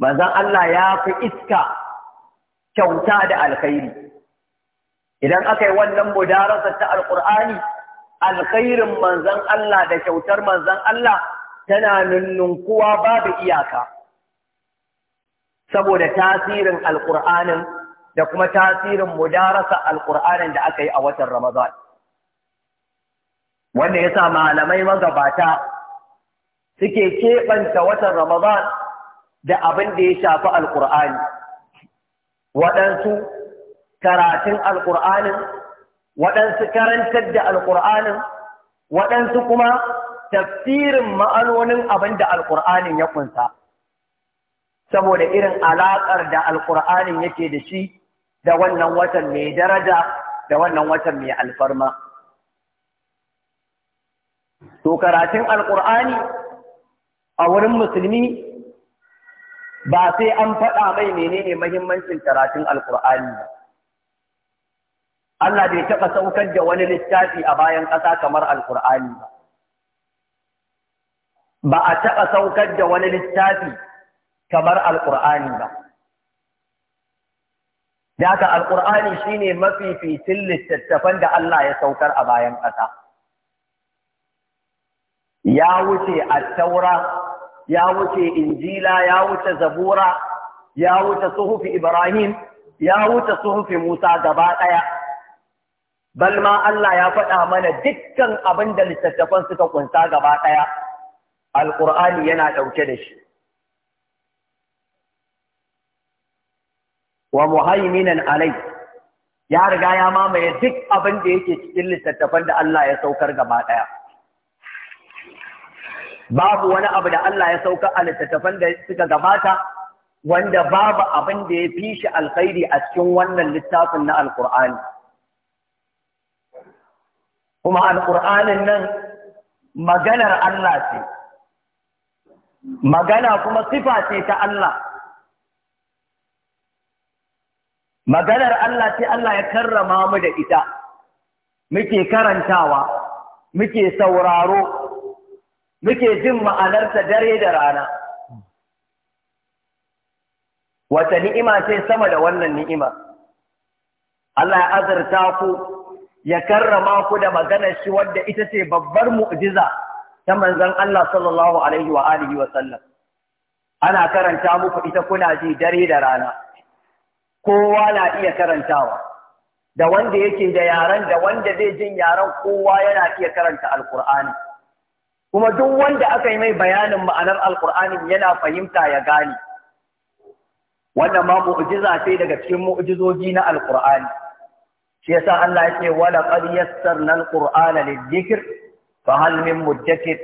manzon Allah ya fi iska kyauta da alkhairi idan aka yi wannan mudarasa ta alƙur'ani alkhairin manzan Allah da kyautar manzan Allah tana nunnunkuwa babu iyaka saboda tasirin alƙur'anin da kuma tasirin mudarasa alƙur'anin da aka yi a watan Ramadan wanda ya sa malamai magabata suke keɓanta watan Ramadan da abin da ya shafi alƙur'ani waɗansu karatun alƙur'anin waɗansu karantar da alƙur'anin waɗansu kuma tafsirin ma'anonin abin da alƙur'anin ya kunsa saboda irin alaƙar da alƙur'anin yake da shi da wannan watan mai daraja da wannan watan mai alfarma to karatun alƙur'ani a wurin musulmi ba sai an faɗa mai menene muhimmancin karatun alƙur'ani ba Allah bai taɓa saukar da wani littafi a bayan ƙasa kamar Alƙur'ani ba. Ba a taɓa saukar da wani littafi kamar Alƙur'ani ba. Daga Alƙur'ani shi ne mafificin littattafan da Allah ya saukar a bayan ƙasa. Ya wuce Attaura, ya wuce Injila, ya wuce Zabura, ya wuce Suhufi Ibrahim, ya wuce Suhufi Musa gaba ɗaya. bal ma Allah ya faɗa mana dukkan abin da littattafan suka kunsa gaba ɗaya alƙur'ani yana ɗauke da shi wa muhaiminan alai ya riga ya mamaye duk abin da yake cikin littattafan da Allah ya saukar gaba ɗaya babu wani abu da Allah ya sauka a littattafan da suka gabata wanda babu abin da ya fi shi alkhairi a cikin wannan littafin na alƙur'ani kuma alƙur'anin nan maganar Allah ce magana kuma sifa ce ta Allah maganar Allah ce Allah ya karrama mu da ita muke karantawa muke sauraro muke jin ma'anarta dare da rana wata ni'ima ce sama da wannan ni'ima Allah ya azurta ku ya karrama ku da maganar shi wadda ita ce babbar mu'jiza ta manzon Allah sallallahu alaihi wa alihi wa sallam ana karanta muku ita kuna ji dare da rana kowa na iya karantawa da wanda yake da yaran da wanda zai jin yaran kowa yana iya karanta alkur'ani kuma duk wanda aka yi mai bayanin ma'anar alkur'ani yana fahimta ya gane wannan ma mu'jiza ce daga cikin mu'jizoji na alkur'ani shi yasa Allah yake wala qad yassarna alqur'ana lidhikr fa hal min mudakkir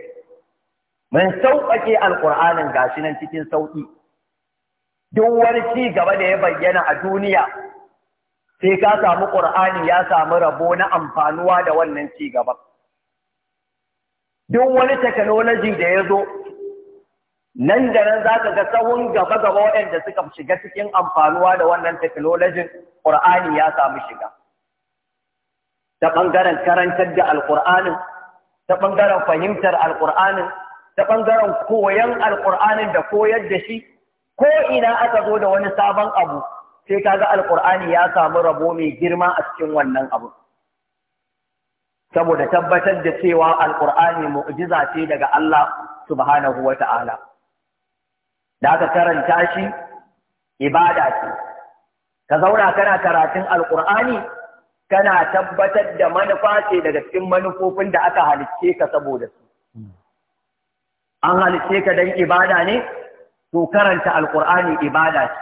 mun sauƙaƙe alqur'anin gashi nan cikin sauƙi duk wani ci gaba da ya bayyana a duniya sai ka samu qur'ani ya samu rabo na amfanuwa da wannan ci gaba duk wani technology da ya zo nan da nan za ka ga tsawon gaba-gaba waɗanda suka shiga cikin amfanuwa da wannan technology ƙur'ani ya samu shiga. ta ɓangaren karantar da alƙur'anin ta ɓangaren fahimtar alƙur'anin ta ɓangaren koyan alƙur'anin da koyar da shi ko ina aka zo da wani sabon abu sai ka ga alƙur'ani ya samu rabo mai girma a cikin wannan abu saboda tabbatar da cewa alƙur'ani mu'jiza ce daga Allah subhanahu wa ta'ala da aka karanta shi ibada ce ka zauna kana karatun alƙur'ani kana tabbatar da manufa ce daga cikin manufofin da aka halicce ka saboda su an halicce ka don ibada ne to karanta Alƙur'ani ibada ce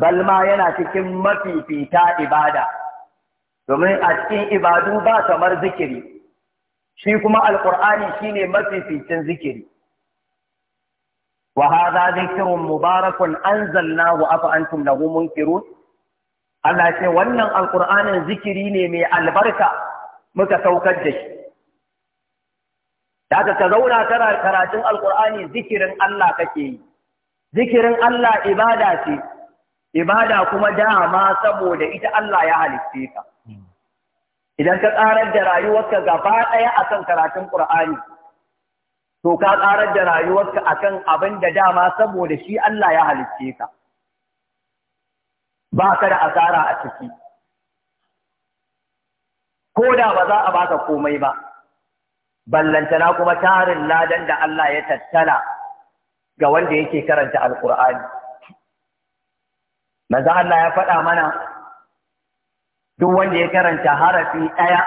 balma yana cikin mafifita ibada domin a cikin ibadu ba kamar zikiri shi kuma Alƙur'ani alkur'ani shine mafificin zikiri wa hadha dhikrun mubarakun wa afa antum lahu munkirun Allah ce wannan alƙur'anin zikiri ne mai albarka muka saukar da shi. Daga ka zauna tara karatun alƙur'ani zikirin Allah kake yi. Zikirin Allah ibada ce, ibada kuma dama saboda ita Allah ya halitte ka. Idan ka tsarar da rayuwarka gaba ɗaya akan karatun ƙur'ani, to ka tsarar da rayuwarka a kan abin da dama saboda shi Allah ya halitte ka. ba ka da asara a ciki ko da ba za a baka komai ba ballantana kuma tarin ladan da Allah ya tattala ga wanda yake karanta alkur'ani manzo Allah ya faɗa mana duk wanda ya karanta harafi ɗaya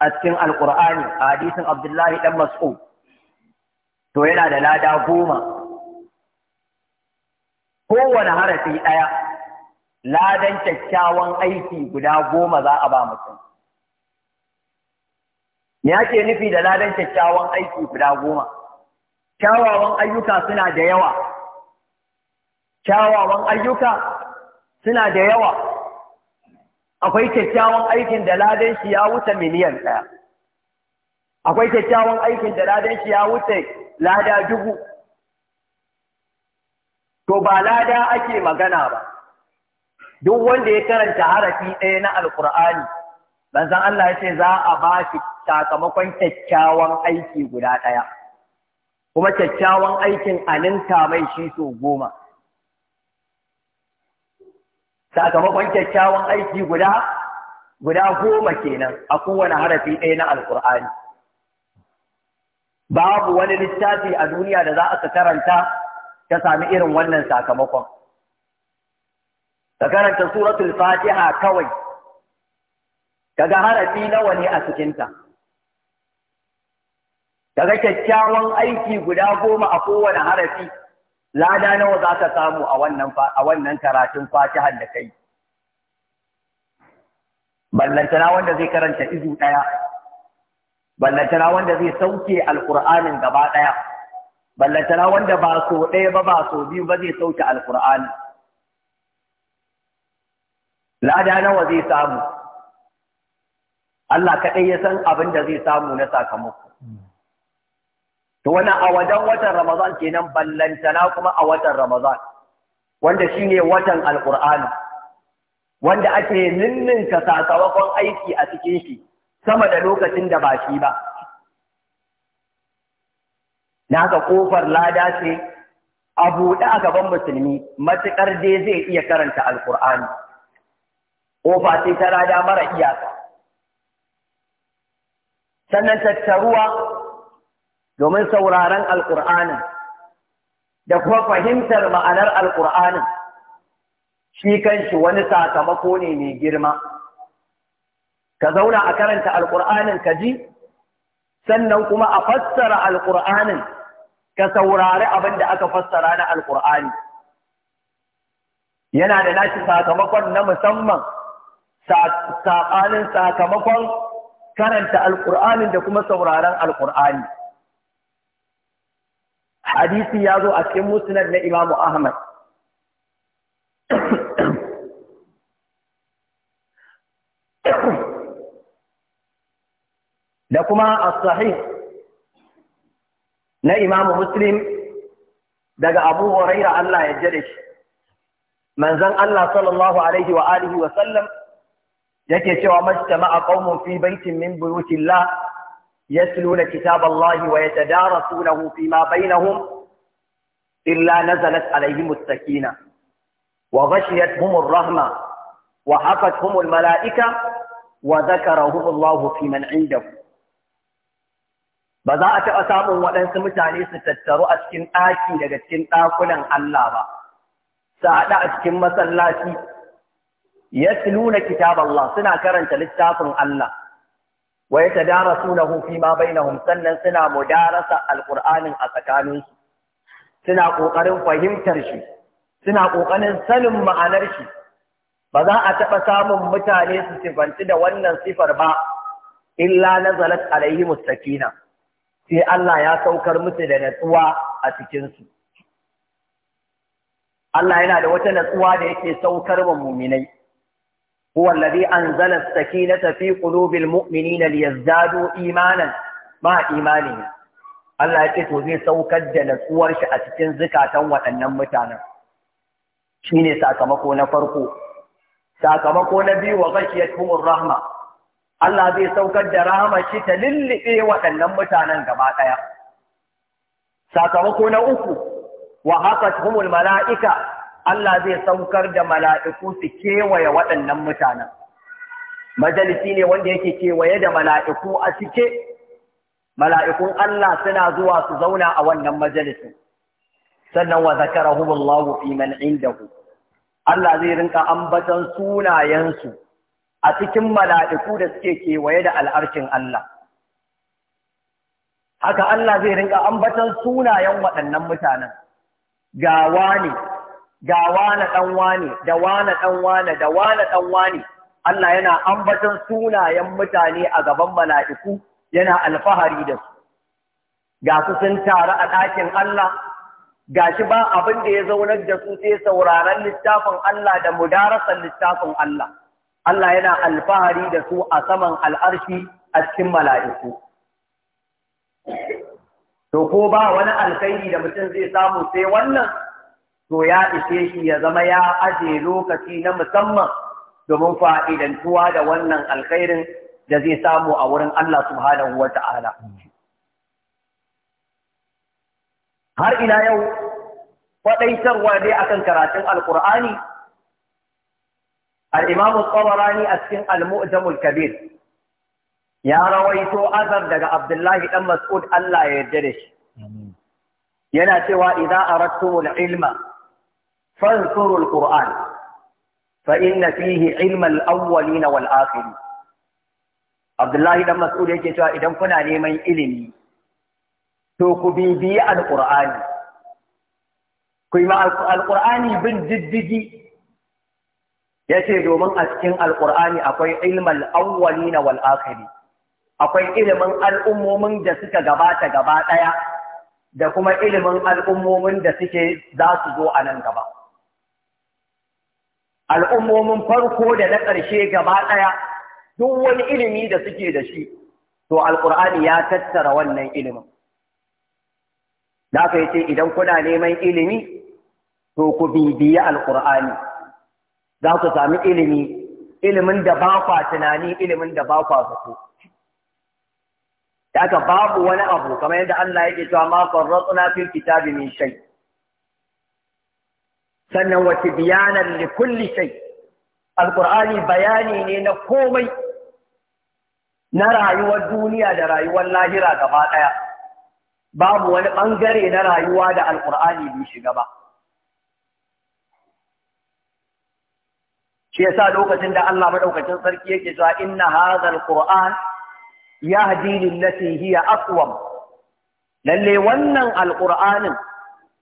a cikin alkur'ani a hadisin Abdullahi dan Mas'ud to yana da lada goma kowane harafi ɗaya ladan kyakkyawan aiki guda goma za a ba mutum me ake nufi da ladan kyakkyawan aiki guda goma kyawawan ayyuka suna da yawa kyawawan ayyuka suna da yawa akwai kyakkyawan aikin da ladan shi ya wuce miliyan ɗaya akwai kyakkyawan aikin da ladan shi ya wuce lada dubu to ba lada ake magana ba duk wanda ya karanta harafi ɗaya na alkur'ani manzon Allah ya ce za a ba shi sakamakon kyakkyawan aiki guda ɗaya kuma kyakkyawan aikin aninta mai shi so goma sakamakon kyakkyawan aiki guda guda goma kenan a kowane harafi ɗaya na alkur'ani babu wani littafi a duniya da za a karanta ta sami irin wannan sakamakon ka karanta suratul fatiha kawai kaga harafi nawa ne a cikinta kaga kyakkyawan aiki guda goma a kowane harafi lada nawa za ka samu a wannan a wannan karatun fatihar da kai ballantana wanda zai karanta izu ɗaya ballantana wanda zai sauke alƙur'anin gaba ɗaya ballantana wanda ba so ɗaya ba ba so biyu ba zai sauke alƙur'anin lada nawa zai samu Allah kaɗai ya san abin da zai samu na sakamako to wannan a wajen watan Ramadan kenan ballantana kuma a watan Ramadan wanda shine watan Alƙur'ani wanda ake ninninka sakamakon aiki a cikin shi sama da lokacin da ba shi ba na ga ƙofar lada ce a buɗe a gaban musulmi matuƙar dai zai iya karanta Alƙur'ani Ƙofa ce ta rada mara iyaka sannan tattaruwa domin sauraron alƙur'anin da kuma fahimtar ma'anar alƙur'anin shi kanshi wani sakamako ne mai girma ka zauna a karanta alƙur'anin ka ji sannan kuma a fassara alƙur'anin ka saurari abin da aka fassara na alƙur'ani yana da nashi sakamakon na musamman saɓanin sakamakon karanta alƙur'anin da kuma sauraron alƙur'ani hadisi ya zo a cikin musnad na imamu ahmad da kuma as-sahih na imamu muslim daga abu huraira Allah ya jade shi manzon Allah sallallahu alaihi wa alihi wa sallam yake cewa majtama'a qaumun fi baitin min buyutillah yasluna kitaballahi wa yatadarasunahu fima bainahum illa nazalat alaihim sakina wa ghashiyatuhum ar-rahma wa hafathum humul malaika wa dhakarahum Allahu fi man 'indahu ba za a taɓa samun waɗansu mutane su tattaru a cikin ɗaki daga cikin ɗakunan Allah ba, su haɗa a cikin masallaci yatluna kitab Allah suna karanta littafin Allah wa yatadarasunahu Hufi ma bainahum sannan suna mudarasa Alƙur'ani a tsakanin suna ƙoƙarin fahimtar shi suna ƙoƙarin sanin ma'anar shi ba za a taɓa samun mutane su sifanci da wannan sifar ba illa nazalat alaihi mustakina sai Allah ya saukar musu da natsuwa a cikinsu. Allah yana da wata natsuwa da yake saukar wa muminai هو الذي أنزل السكينة في قلوب المؤمنين ليزدادوا إيمانا مع إيمانهم Allah ya ce to zai saukar da natsuwar shi a cikin zukatan waɗannan mutanen shine sakamako na farko sakamako na biyu wa ghashiyatuhumur rahma Allah zai saukar da rahama shi ta lulluɓe waɗannan mutanen gaba ɗaya sakamako na uku wa haqatuhumul mala'ika Allah zai saukar da mala'iku su kewaye waɗannan mutanen. Majalisi ne wanda yake kewaye da mala'iku a cike, mala'ikun Allah suna zuwa su zauna a wannan majalisin. Sannan wa zakarahumullahu fi man indahu. Allah zai rinka ambatan sunayensu a cikin mala'iku da suke kewaye da al'arkin Allah. Haka Allah zai rinka ambatan sunayen waɗannan mutanen. Gawa ne, ga wane ɗan wane da wane ɗan wane da wane ɗan wane Allah yana ambaton sunayen mutane a gaban mala'iku yana alfahari da su ga su sun taru a ɗakin Allah ga shi ba abin da ya zaunar da su sai sauraron littafin Allah da mudarasan littafin Allah Allah yana alfahari da su a saman al'arshi a cikin mala'iku to ko ba wani alkhairi da mutum zai samu sai wannan to ya ishe shi ya zama ya aje lokaci na musamman domin fa'idantuwa da wannan alkhairin da zai samu a wurin Allah subhanahu wa ta'ala. Har ina yau, faɗaitarwa dai akan karatun Al'ur'ani, al'imamu tsawarani a cikin al'ujamul kabir ya rawaito azar daga Abdullahi ɗan Mas'ud Allah ya yarda da shi. Yana cewa, "Iza a rattumul ilma, فاذكروا القرآن فإن فيه علم الأولين والآخرين عبد الله بن مسعود yake cewa idan kuna neman ilimi to ku bibiyi alqur'ani ku yi alqur'ani bin diddigi yace domin a cikin alkur'ani akwai ilmal awwalina wal akhirin akwai ilimin al'ummomin da suka gabata gaba daya da kuma ilimin al'ummomin da suke za su zo a nan gaba al'ummomin farko da na ƙarshe gaba ɗaya duk wani ilimi da suke da shi to alƙur'ani ya tattara wannan ilimin da yace idan kuna neman ilimi to ku bibiyi alƙur'ani za ku sami ilimi ilimin da ba kwa tunani ilimin da ba kwa zato da aka babu wani abu kamar yadda Allah yake cewa ma farratsuna fil kitabi min shai. sannan wa tibyanan li kulli shay alqur'ani bayani ne na komai na rayuwar duniya da rayuwar lahira gaba daya babu wani bangare na rayuwa da alqur'ani bai shiga ba shi yasa lokacin da Allah madaukakin sarki yake cewa inna hadhal qur'an yahdi lillati hiya aqwam lalle wannan alqur'anin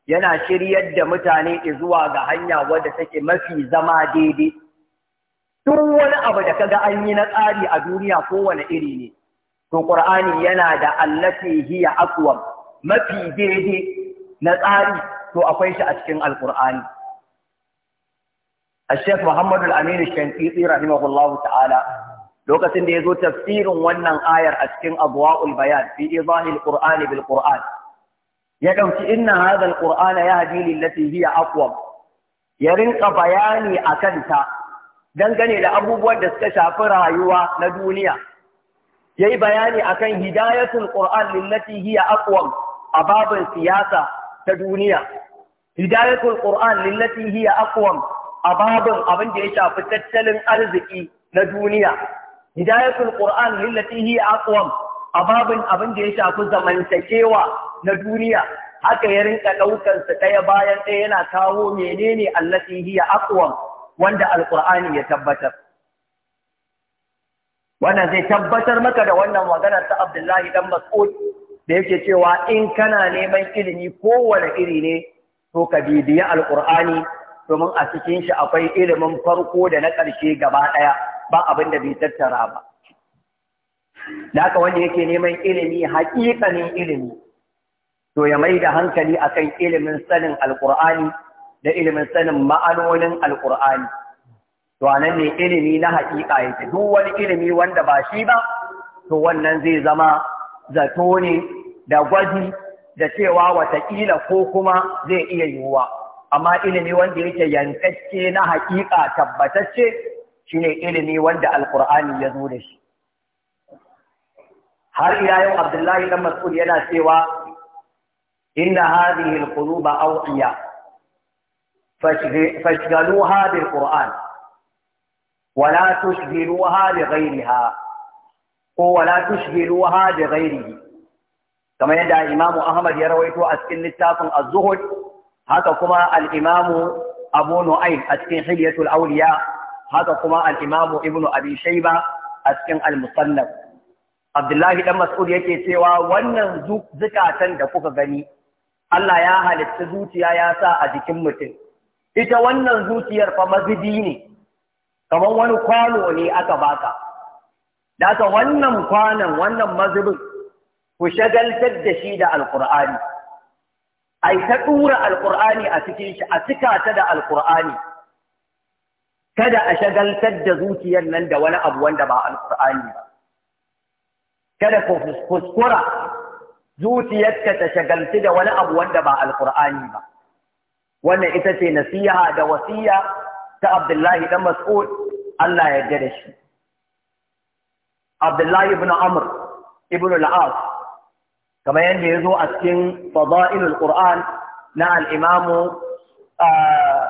yana shiryar da mutane zuwa ga hanya wadda take mafi zama daidai duk wani abu da kaga an yi na tsari a duniya kowane iri ne to qur'ani yana da allati hiya aqwam mafi daidai na tsari to akwai shi a cikin alqur'ani الشيخ محمد الأمين الشنقيطي رحمه الله تعالى lokacin da ya zo tafsirin wannan ayar a cikin abuwa'ul bayan fi izahil qur'ani ya ɗauki inna hadha ya yahdi lillati hiya aqwam ya rinka bayani a kanta dangane da abubuwan da suka shafi rayuwa na duniya Ya yi bayani akan hidayatul ƙur'an lillati hiya aqwam a babin siyasa ta duniya hidayatul ƙur'an lillati hiya aqwam a babin abin da ya shafi tattalin arziki na duniya hidayatul ƙur'an lillati hiya aqwam a babin abin da ya shafi zamantakewa na duniya haka ya rinka ɗaukarsa ɗaya bayan ɗaya yana kawo menene allati hiya wanda alqur'ani ya tabbatar wannan zai tabbatar maka da wannan maganar ta Abdullahi dan Mas'ud da yake cewa in kana neman ilimi kowane iri ne to ka bibiya alqur'ani domin a cikin shi akwai ilimin farko da na ƙarshe gaba ɗaya ba abin da bai tattara ba da haka wanda yake neman ilimi haƙiƙanin ilimi to ya mai da hankali a kan ilimin sanin alƙur'ani da ilimin sanin ma'anonin alƙur'ani to anan ne ilimi na haƙiƙa yake duk wani ilimi wanda ba shi ba to wannan zai zama zato ne da gwaji da cewa watakila ko kuma zai iya yiwuwa amma ilimi wanda yake yankacce na haƙiƙa tabbatacce shine ilimi wanda alƙur'ani ya zo da shi har ila yau Abdullahi dan Mas'ud yana cewa inna hadhihi al-quluba awqiya fashghaluha bil wa la tushghiluha li ko wa la tushghiluha bi kamar yadda Imam Ahmad ya rawaito a cikin littafin Az-Zuhud haka kuma al-Imam Abu Nu'aym a cikin Hilyatul Awliya haka kuma al-Imam Ibnu Abi Shayba a cikin Al-Musannaf Abdullahi dan Mas'ud yake cewa wannan zukatan da kuka gani, Allah ya halitta zuciya ya sa a jikin mutum. Ita wannan zuciyar fa mazubi ne, kamar wani kwano ne aka baka. Daka wannan kwanon, wannan mazubin, ku shagaltar da shi da Alƙur'ani. Ai, ta ɗura Alƙur'ani a cikin shi, a cika ta da Alƙur'ani. Kada a shagaltar da zuciyar nan da wani abu wanda ba Alƙur'ani ba. kada ku kuskura zuciyarka ta shagalci da wani abu wanda ba alkur'ani ba wannan ita ce nasiha da wasiya ta Abdullahi dan Mas'ud Allah ya yarda da shi Abdullahi ibn Amr ibn al-As kamar yadda ya zo a cikin fada'ilul Qur'an na al-Imam ah,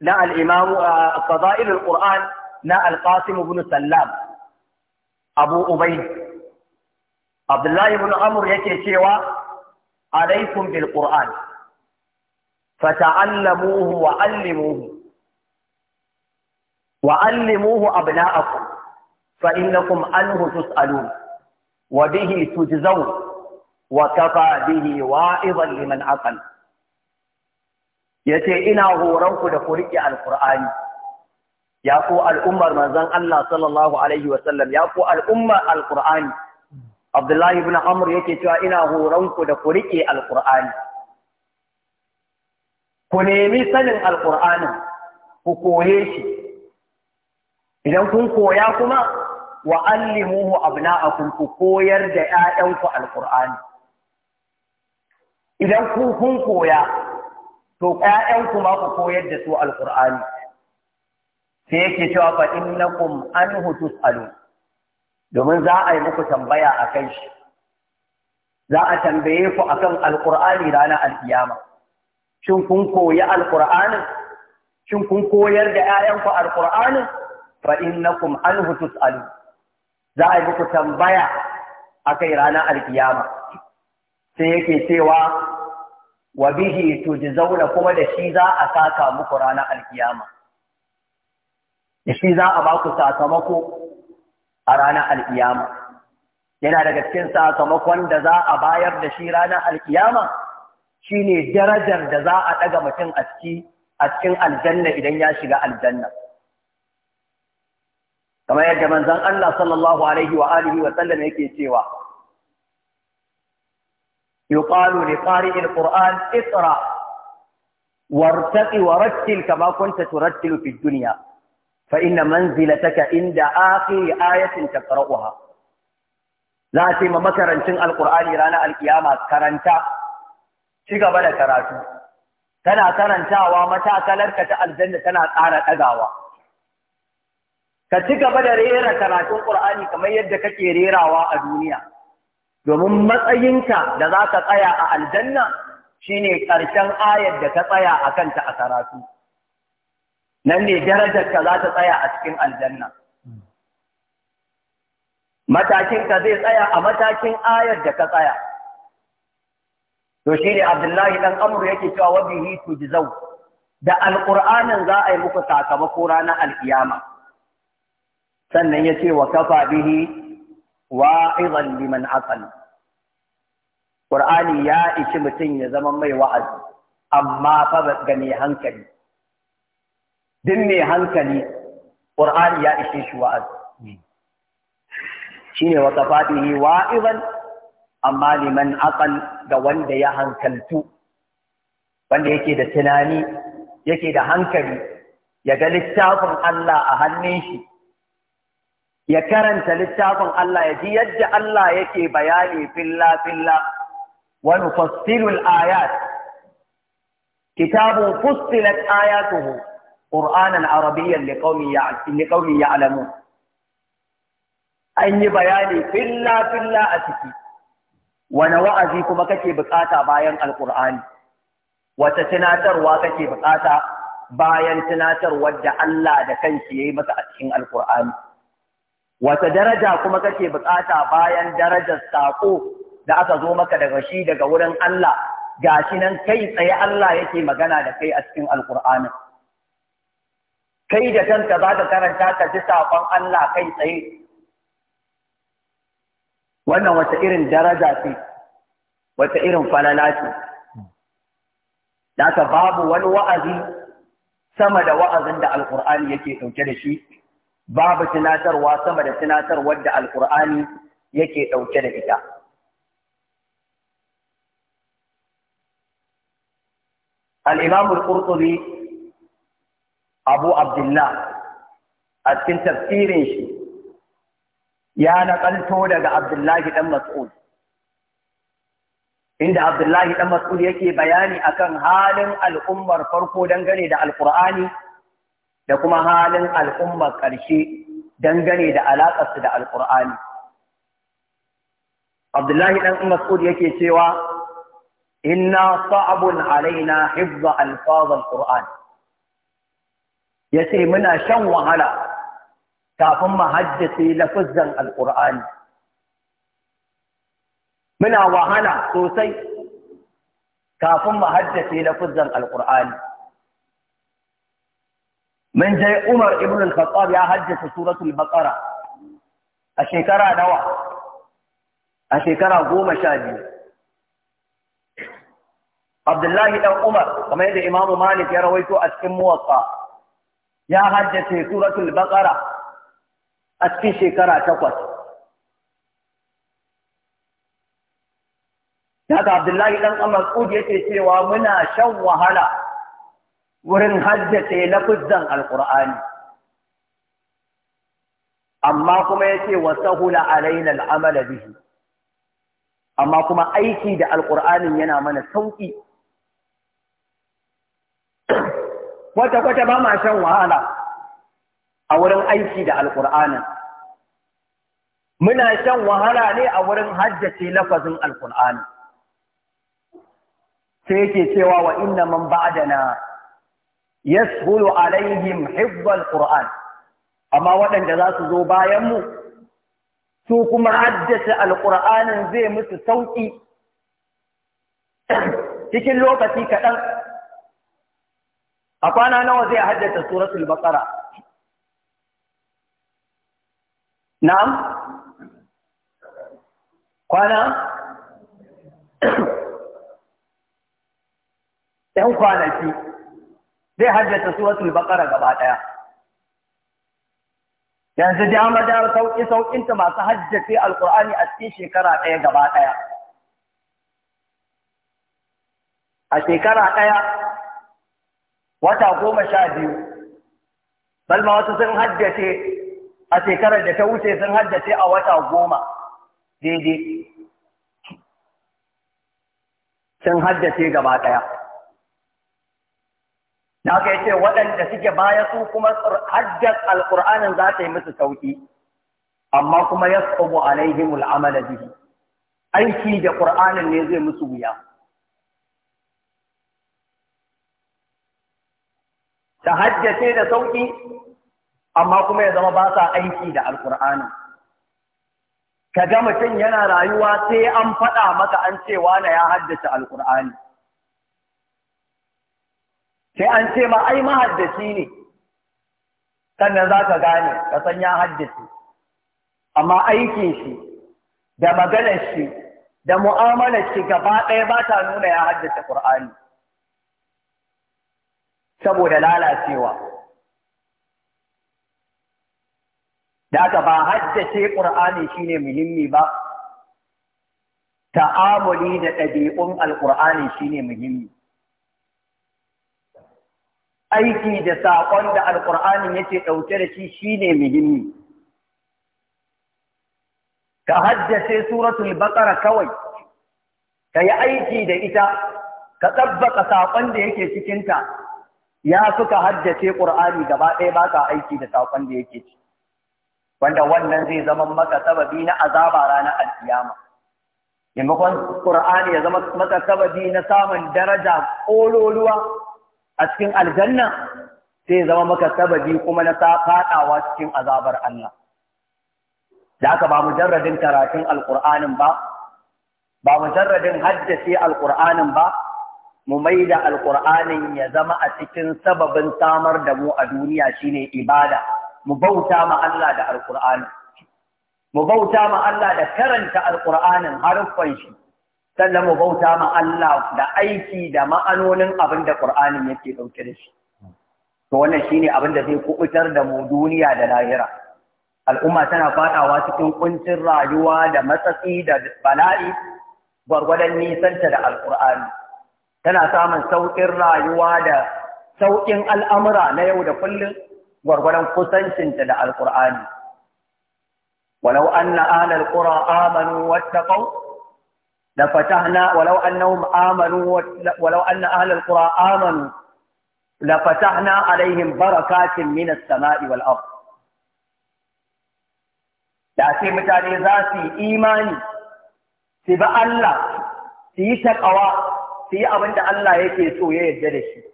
na al-Imam ah, fada'ilul Qur'an na al-Qasim ibn Sallam Abu Ubayd Abdullahi ibn Amr yake cewa alaikum bil Qur'an fata'allamuhu wa 'allimuhu wa 'allimuhu abna'akum fa innakum anhu tus'alun wa bihi tujzaun wa kafa bihi wa'izan liman aqal yace ina horon da ku riƙe alqur'ani ya ku al'ummar manzon Allah sallallahu alaihi wa sallam ya ku al'ummar alqur'ani Abdullahi ibn Amr yake cewa ina horonku da ku riƙe alƙur'ani. Ku nemi sanin alƙur'anin, ku koye shi. Idan kun koya kuma, wa allimuhu abna'akum ku koyar da ‘ya'yanku alƙur'ani. Idan kun koya, to ‘ya'yanku ma ku koyar da su alƙur'ani. Sai yake cewa fa innakum anhu tus'alun. domin za a yi muku tambaya a kai shi za a tambaye ku a kan Alƙur'ani ranar al’iyama, shin kun koyi alkur'anin shin kun koyar da 'ya'yanku alkur'anin fa innakum anhu alu, za a yi muku tambaya a kai rana al’iyama, sai yake cewa wa bihi zauna kuma da shi za a saka muku rana al’iyama. da shi za a ba ku sakamako a ranar alkiyama yana daga cikin sakamakon da za a bayar da shi ranar alkiyama shine darajar da za a ɗaga mutum a ciki a cikin aljanna idan ya shiga aljanna kamar yadda manzan Allah sallallahu alaihi wa alihi wa sallam yake cewa yuqalu li qari'il qur'an iqra wartaqi warattil kama kunta turattilu fid dunya fa inna manzilataka inda akhir ayatin taqra'uha za a ce ma makarancin alqur'ani ranar alkiyama karanta ci gaba da karatu kana karantawa matakalarka ta aljanna tana ƙara ɗagawa ka ci gaba da rera karatun ƙur'ani kamar yadda kake rerawa a duniya domin matsayinka da za ka tsaya a aljanna shine ƙarshen ayar da ka tsaya a kanta a karatu nan ne darajar ka za ta tsaya a cikin aljanna matakin ka zai tsaya a matakin ayar da ka tsaya to shi ne abdullahi ɗan amru yake cewa wa bihi tujzau da Alƙur'anin za a yi muku sakamako ranar alkiyama sannan ya ce wa kafa bihi 'Wa izan liman aqal Ƙur'ani ya ishi mutum ya zama mai wa'azi amma fa ga mai hankali duk mai hankali ƙur'ani ya ishe shi wa'azi shine wa kafatihi wa'izan amma liman aqal ga wanda ya hankaltu wanda yake da tunani yake da hankali ya ga littafin Allah a hannun shi ya karanta littafin Allah ya ji yadda Allah yake bayani filla filla wa nufassilu al-ayat kitabun fussilat ayatuhu qur'anan arabiyyan liqaumin ya'lamun an yi bayani filla filla a ciki wani wa'azi kuma kake bukata bayan alqur'ani wata tunatarwa kake bukata bayan tunatarwar da Allah da kanshi yayi masa a cikin alqur'ani wata daraja kuma kake bukata bayan darajar sako da aka zo maka daga shi daga wurin Allah gashi nan kai tsaye Allah yake magana da kai a cikin alqur'anin kai da kanka za ka karanta ka ji saƙon Allah kai tsaye wannan wata irin daraja ce wata irin falala ce Naka babu wani wa'azi sama da wa'azin da Alƙur'ani yake ɗauke da shi, babu tunatarwa sama da tunatarwar da Alƙur'ani yake ɗauke da ita. Al'imamul Ƙurƙuri abu abdullah a cikin tafsirin shi ya naƙalto daga abdullahi ɗan mas'ud inda abdullahi ɗan mas'ud yake bayani akan halin al'ummar farko dangane da alƙur'ani da kuma halin al'ummar ƙarshe dangane da alaƙarsu da alƙur'ani abdullahi ɗan mas'ud yake cewa inna sa'abun alaina hibba alfazal qur'ani ya ce muna shan wahala kafin mu haddace lafuzzan alƙur'ani muna wahala sosai kafin mu haddace lafuzzan alƙur'ani mun je Umar ibn al-Khattab ya haddace suratul Baqara a shekara nawa a shekara goma sha biyu Abdullahi dan Umar kamar yadda Imam Malik ya rawaito a cikin Muwatta ya haddace suratul baqara a cikin shekara takwas daga abdullahi dan amsud yake cewa muna shan wahala wurin haddace lafuzzan Alƙur'ani. amma kuma yace wa sahula alaina al'amala bihi amma kuma aiki da Alƙur'anin yana mana sauƙi. kwata-kwata ba ma shan wahala a wurin aiki da alƙur'anin muna shan wahala ne a wurin haddace lafazin alƙur'ani sai yake cewa wa inna man ba'adana yashulu alaihim hibbal qur'an amma waɗanda za su zo bayanmu, su kuma haddace alƙur'anin zai musu sauƙi cikin lokaci kaɗan أنا أقوانا نوى زي حدث سورة البقرة نعم قوانا تهو قوانا تي زي حدث سورة البقرة قبعتها يعني زي أنا دار سوئي سوئي انت ما سهجد في القرآن أستيشي كراتي قبعتها أستيشي كراتي قبعتها wata goma sha biyu balma wasu sun haddace a shekarar da ta wuce sun haddace a wata goma daidai sun haddace gaba ɗaya da aka yi ce waɗanda suke baya su kuma hajjar alƙur'anin za ta yi musu sauƙi amma kuma ya tsobo alaihimul amala bihi aiki da ƙur'anin ne zai musu wuya ta haddace da sauƙi amma kuma ya zama ba sa aiki da alkur'ani ka ga mutum yana rayuwa sai an faɗa maka an ce na ya haddace alƙur'ani sai an ce ma ai mahaddaci ne sannan za ka gane ka san ya haddace amma aikin shi da maganar shi da mu'amalar shi gaba ɗaya ba ta nuna ya haddace ƙur'ani saboda lalacewa da aka ba haddace ƙur'ani shine muhimmi ba ta'amuli da ɗabi'un alƙur'ani shine muhimmi aiki da saƙon da al’ur'ani yake ɗauke da shi shine muhimmi ka haddace suratul baƙara kawai ka yi aiki da ita ka ka saƙon da yake cikinta ya suka haddace Qur'ani gaba ɗaya ba ka aiki da saƙon da yake ci wanda wannan zai zama maka sababi na azaba ranar alkiyama maimakon Qur'ani ya zama maka sababi na samun daraja ƙololuwa a cikin aljanna sai zama maka sababi kuma na faɗawa cikin azabar Allah da aka ba mujarradin karatun alƙur'anin ba ba mujarradin haddace alƙur'anin ba mu mai da alƙur'anin ya zama a cikin sababin samar da mu a duniya shine ibada mu bauta ma Allah da alƙur'ani mu bauta ma Allah da karanta alƙur'anin haruffan shi sannan mu bauta ma Allah da aiki da ma'anonin abin da ƙur'anin yake ɗauke da shi to wannan shine abin da zai kubutar da mu duniya da lahira al'umma tana fadawa cikin kuncin rayuwa da matsatsi da bala'i gwargwadon nisanta da alƙur'ani tana samun sauƙin rayuwa da sauƙin al'amura na yau da kullum gwargwaron kusancinta da alƙur'ani. Walau an na anar ƙura amanu wata ƙau, da fatahna walau an na amanu walau an na anar ƙura amanu, da fatahna alaihim barakatun minas sama'i wal ard. Da sai mutane za su yi imani, su bi Allah, su yi taƙawa, su yi abin da Allah yake so ya yarda da shi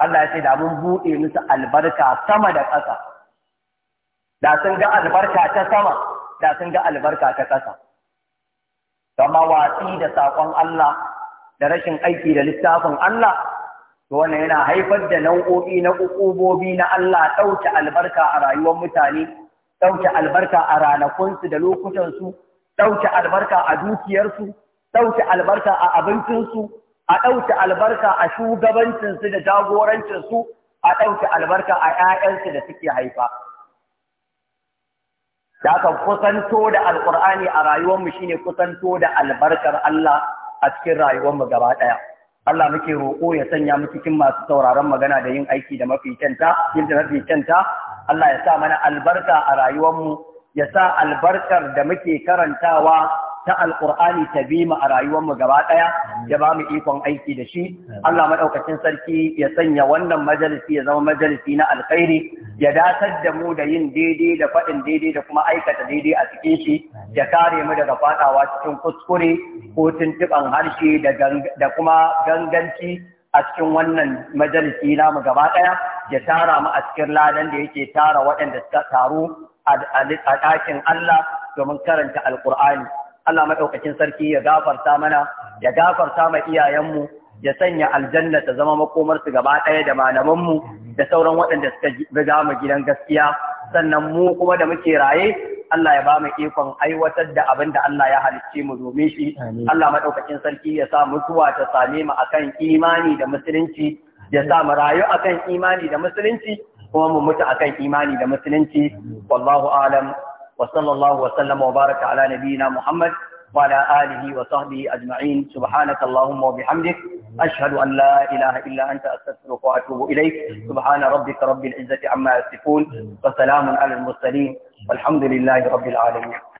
Allah ya ce da mun buɗe musu albarka sama da ƙasa da sun ga albarka ta sama da sun ga albarka ta ƙasa zama watsi da saƙon Allah da rashin aiki da littafin Allah to wannan yana haifar da nau'o'i na ƙuƙubobi na Allah ɗauke albarka a rayuwar mutane ɗauke albarka a ranakunsu da lokutansu ɗauke albarka a dukiyarsu ɗauke albarka a abincinsu a ɗauke albarka a shugabancinsu da jagorancinsu a ɗauke albarka a ‘ya'yansu da suke haifa. Da aka kusanto da Alƙur'ani a rayuwarmu shine kusanto da albarkar Allah a cikin rayuwarmu gaba ɗaya. Allah muke roƙo ya sanya mu cikin masu sauraron magana da yin aiki da mafi kyanta, yin da mafi kyanta, Allah ya sa mana albarka a rayuwarmu, ya sa albarkar da muke karantawa ta alƙur'ani ta bi mu a rayuwarmu gaba ɗaya ya ba mu ikon aiki da shi Allah maɗaukacin sarki ya sanya wannan majalisi ya zama majalisi na alkhairi ya datar da mu da yin daidai da faɗin daidai da kuma aikata daidai a cikin shi ya kare mu daga faɗawa cikin kuskure ko tuntuɓan harshe da kuma ganganci a cikin wannan majalisi mu gaba ɗaya ya tara mu a cikin ladan da yake tara waɗanda suka taru a ɗakin Allah domin karanta alƙur'ani Allah maɗaukacin sarki ya gafarta mana ya gafarta ma iyayenmu ya sanya aljanna ta zama makomarsu gaba ɗaya da malamanmu da sauran waɗanda suka riga mu gidan gaskiya sannan mu kuma da muke raye Allah ya ba mu ikon aiwatar da abin da Allah ya halicce mu domin shi. Allah maɗaukacin sarki ya sa mutuwa ta same mu akan imani da musulunci, ya sa mu rayu akan imani da musulunci, kuma mu mutu akan imani da musulunci. Wallahu alam وصلى الله وسلم وبارك على نبينا محمد وعلى آله وصحبه أجمعين سبحانك اللهم وبحمدك أشهد أن لا إله إلا أنت أستغفرك وأتوب إليك سبحان ربك رب العزة عما يصفون وسلام على المرسلين والحمد لله رب العالمين